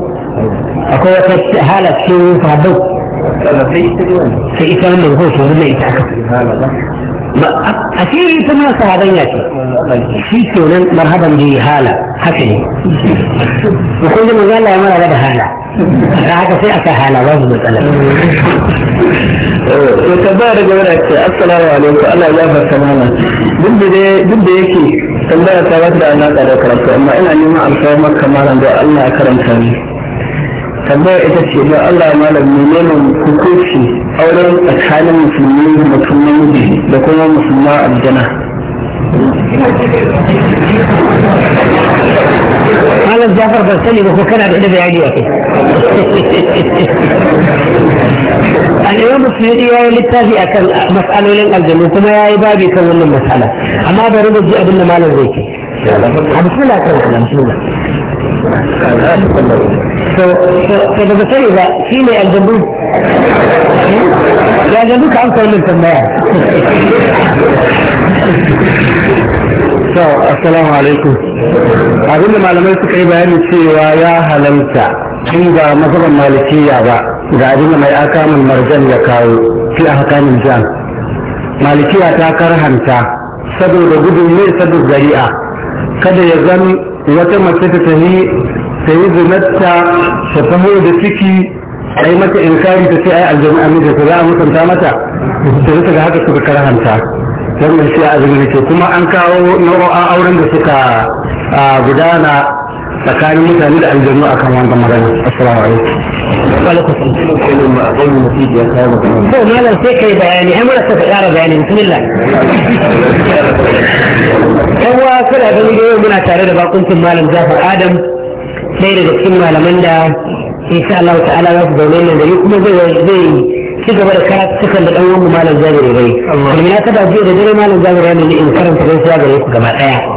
أقول لك هالة شيء فهذا في إسلام من غوش ولا إنت ما أشيء ثم يصير هذا يأتي في سؤال مرحبا بهالة حسني وكل من قال لا ما لا هذا هالة haka sai aka hala ba mu matsala eh, to tambaya daga wani ce assalamu alaikum Allah ya farka mana duk da yake tambaya ta wata da na tsara karatu amma ina neman alfawar maka malam da Allah ya karanta ni tambaya ita ce don Allah malam menene hukunci auren tsakanin musulmi mutum namiji da kuma musulma aljana هذا جعفر برسلي وهو كان بإحدى بعيدياته الإمام السيدي يا للتافي أكل مسألة لين الجنة كما يا إبابي كون المسألة أما برد الجئة بنا ما لديك بسم الله كرم بسم الله فبسلي ذا فيما الجنة ya duka an kawai tambaya so assalamu abinda malamai suka yi bayani cewa ya halamta in ba mazhaban malikiya ba ga abinda mai akamun marjan ya kawo fi a hakamin jan malikiya ta karhanta saboda gudu ne saboda zari'a kada ya zan wata mace ta tafi ta yi zinarta ta taho da ciki a yi mata inkari ta ce ai aljanu a ta za a musanta mata ta rika ga haka suka karhanta wannan shi azumi ce kuma an kawo nau'o'an auren da suka gudana tsakanin mutane da aljanu a kan wannan magana assalamu alaikum to malam sai kai bayani ai mura sai ƙara bayani bismillah yawa kada ga yau muna tare da bakuncin malam Jafar Adam sai daga cikin malaman da إن شاء الله تعالى يفضل لنا أن يكمل زي كذا ولا كانت تكل الأيام ما نزاجر إلي فلمنا تبع جيدة دري ما نزاجر يعني أن الإنسان تبين سياد عليك كما آية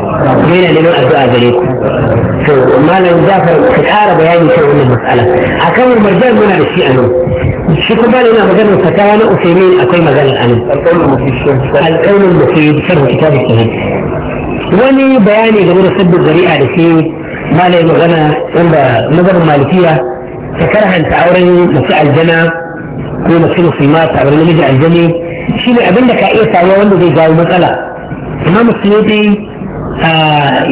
مين اللي نوع أدواء عليك فما نزاجر في العرب يعني شو من المسألة أكمل مجال من الشيء أنه شكو بال إنه مجال مفتاوانا أسيمين أكل مجال الأنم الكون المفيد شرح كتاب التهيد وني بياني لغير سبب الزريعة لسيد ما لي مغنى عند نظر المالكيه فكره ان تعوري مساء الجنة هو مسكين في ما تعوري لم يجعل جني شيء أبين لك أي تعوري وانه دي جاو مسألة إمام السيوطي آه،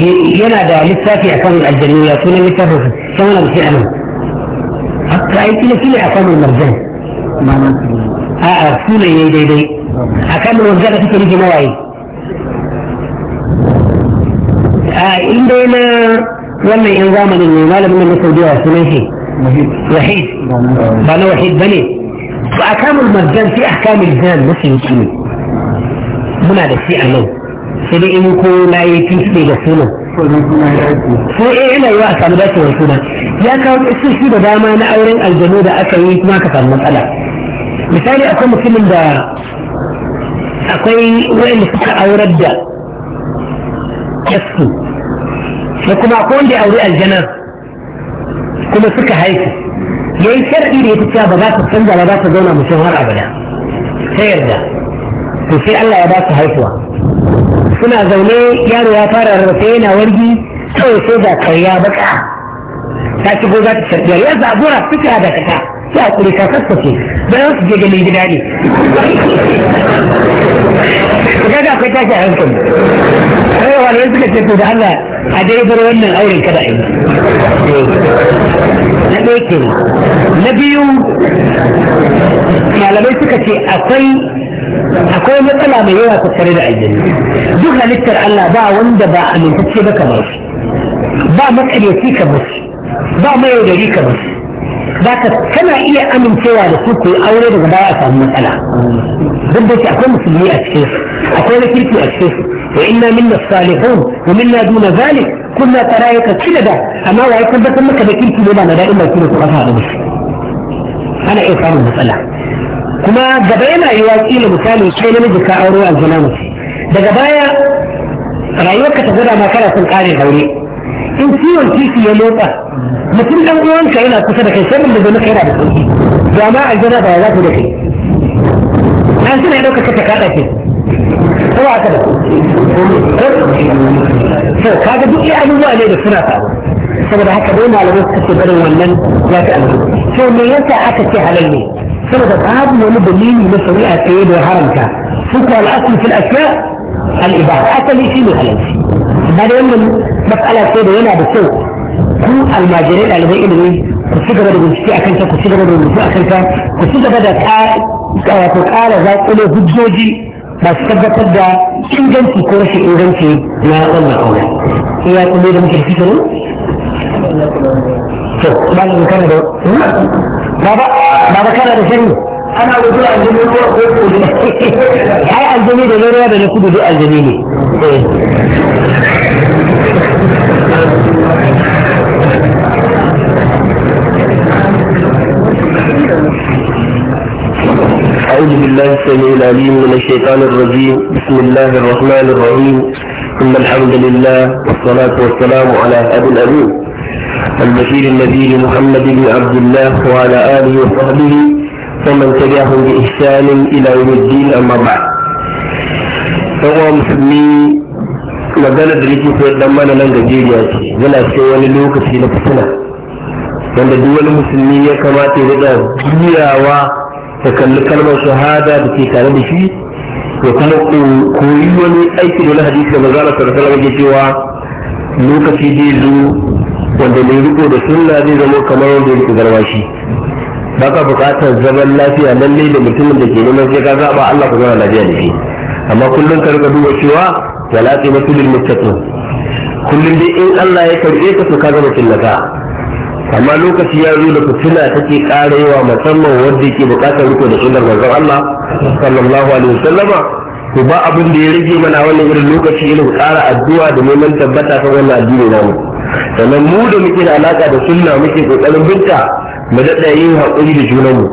ينا دا لسافي أفهم الجنة ويأتونا لسافي سونا بسي أمام حتى أنت لكي أفهم المرجان ما نعم أفهم يا دي دي أكامل وزارة تلك موائي إنه ولا ينظام من المال من السعودية سنين وحيد فأنا وحيد بني فأكام المزان في أحكام الزان مثل يتعني هنا لسيء له سيدي إنكو لا يتيسي لسنه فإعلى إيه إيه يواسع مدات ورسولة يا كون إسوشي بداما نأورين الجنود أكويت ما كفر مسألة مثالي أكون مسلم دا أكوي وإن سكا أو رد يسكو لكم أقول لأولي الجنة kuma suka haihu ya yi sharɗi da ya cewa ba za ta canza ba za ta zauna mutum har abada ta yarda to sai Allah ya ba su haihuwa suna zaune yaro ya fara rarrafe yana wargi kawai sai ga karya baka ta shigo za ta sharɗi ya zabura suka da kata sai a kuri kakar ka ce da su je ganin gida ne ka ga akwai tashi a hankali sai da wani suka ce to da Allah a dai bar wannan auren kada a yi eh, na ɗaya ke na biyu malamai suka ce akwai akwai matsala mai yawa tattare da aljanna duk halittar Allah ba wanda ba amintacce ba kamar ba matsalaci kamar ba mayaudari kamar za ka kana iya amincewa da su ku yi aure daga baya a samu matsala duk da ke akwai musulmi a cikin akwai na kirki a cikin wa inna minna salihun wa minna duna zalik kunna tarayaka kidada amma wai kun batar maka da kirki ne ba na da'in baki da kuma da musu ana iya samun matsala kuma gaba yana yiwa kila misali kai namiji ka aure aljana mace daga baya rayuwarka ta gwada ma kana son ƙarin aure in ciwon titi ya motsa mutum ɗan uwanka yana kusa da kai sharrin da zama yana da sauki to amma aljanna ba za ku da kai an suna ɗauka ka kaɗa ke kawa aka da so kaga duk iya abubuwa ne da suna faru saboda haka dai malamai suka ce barin wannan ya fi alheri to me yasa aka ce halal ne saboda babu wani dalili na shari'a tsaye da haramta suka al'asul fil asya al-ibaha asali shi ne halalci ba da wannan matsala sai da yana da kyau ku almajirai ɗalibai ilimi ku ci gaba da bincike a ta ku ci gaba da rubutu a ta ku ci gaba da wato ƙara zaƙulo hujjoji masu tabbatar da inganci ko rashin inganci na wannan aure sai ya kuma da muke cikin to malamin kana da hmm? baba baba kana da shari'a ana rubu aljini ko ko kudu ai aljini da lura da kudu duk aljini ne eh. أعوذ بالله السميع العليم من الشيطان الرجيم بسم الله الرحمن الرحيم إن الحمد لله والصلاة والسلام على أبي الأمين البشير النبي محمد بن عبد الله وعلى آله وصحبه ومن تبعهم بإحسان إلى يوم الدين أما بعد فهو مسلمين magana da nake so dan mana nan gajeriya ce yana ce wani lokaci na fitina wanda duk wani musulmi ya kamata ya da jiyawa da kalli kalmar shahada da ke tare da shi ya kuma koyi wani aiki da wani hadisi da manzo Allah sallallahu cewa lokaci zai zo wanda mai riko da sunna zai zama kamar wanda ya riko garwashi ba ka bukatar zaman lafiya lallai da mutumin da ke neman sai ka zaba Allah ku zama lafiya da shi amma kullum ka rika duba cewa wal aqibatu lil muttaqin kullum dai in Allah ya karbe ka to ka zama killaka amma lokaci ya zo da fitina take yawa, musamman wanda yake bukatar riko da sunnar manzon Allah sallallahu alaihi wasallama to ba abin da ya rage mana wannan irin lokaci irin ƙara addu'a da neman tabbata kan wannan addini namu sannan mu da muke da alaka da sunna muke kokarin binta mu daɗa yin haƙuri da junanmu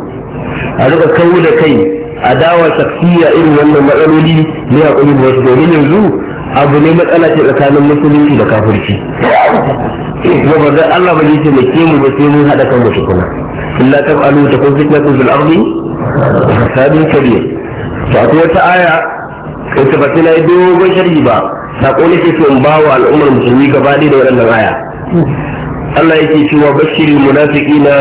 a rika kawo da kai adawa shakhsiyya irin wannan matsaloli ne a ƙuri wasu domin yanzu abu ne matsala ce tsakanin musulunci da kafirci kuma ba zai Allah ba zai ce mai kemu ba sai mun haɗa kan musu kuma illa ta fa'alu ta kun fitna kun fil ardi sabin kariya to akwai wata aya wacce ba sai na yi dogon sharhi ba sako ke so in bawa al'ummar musulmi gaba ɗaya da waɗannan aya Allah yake cewa bashirin munafiqina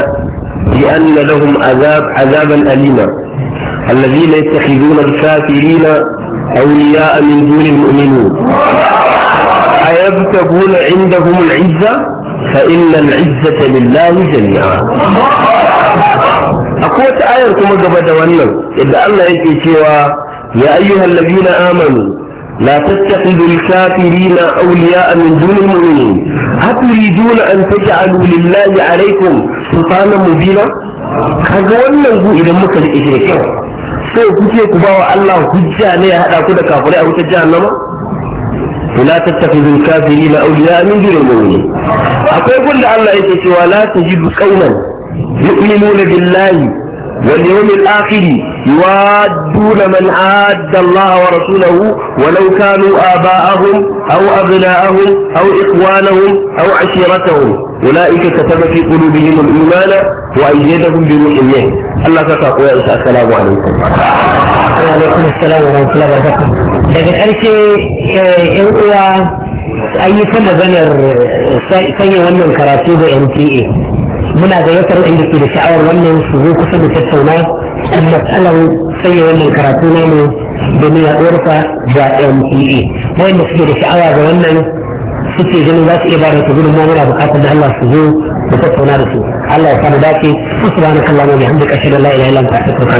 bi anna lahum azab azaban alima الذين يتخذون الكافرين أولياء من دون المؤمنين أيبتغون عندهم العزة فإن العزة لله جميعا أقوى آية كما قبل دوانا إذا الله سوى يا أيها الذين آمنوا لا تتخذوا الكافرين أولياء من دون المؤمنين هل تريدون أن تجعلوا لله عليكم سلطانا مبينا هذا ولا إذا مكة الإشريكين sai kuke ku bawa Allah hujja ne ya hada ku da kafirai a wutar jahannama la tattakhidhu al-kafirina awliya min dunil mu'minin akwai gunda Allah yake cewa la tajidu qauman yu'minuna billahi واليوم الآخر يوادون من عاد الله ورسوله ولو كانوا آباءهم أو أبناءهم أو إخوانهم أو عشيرتهم أولئك كتب في قلوبهم الإيمان وأيدهم بروح منه الله تقول يا السلام عليكم وعليكم السلام ورحمة الله وبركاته daga ƙarshe ‘yan uwa ayyukan maganar sanya wannan karatu da mta muna da in inda ke da sha'awar wannan su zo kusa da tattauna kan matsalar sanya wannan karatu na mu domin yaɗuwarsa ga MPA wanda suke da sha'awa ga wannan suke ganin za su iya bada su gudun muna bukatar da Allah su zo da tattauna da su Allah ya fara dace subhanakallahumma bihamdika ashhadu an la ilaha illa anta astaghfiruka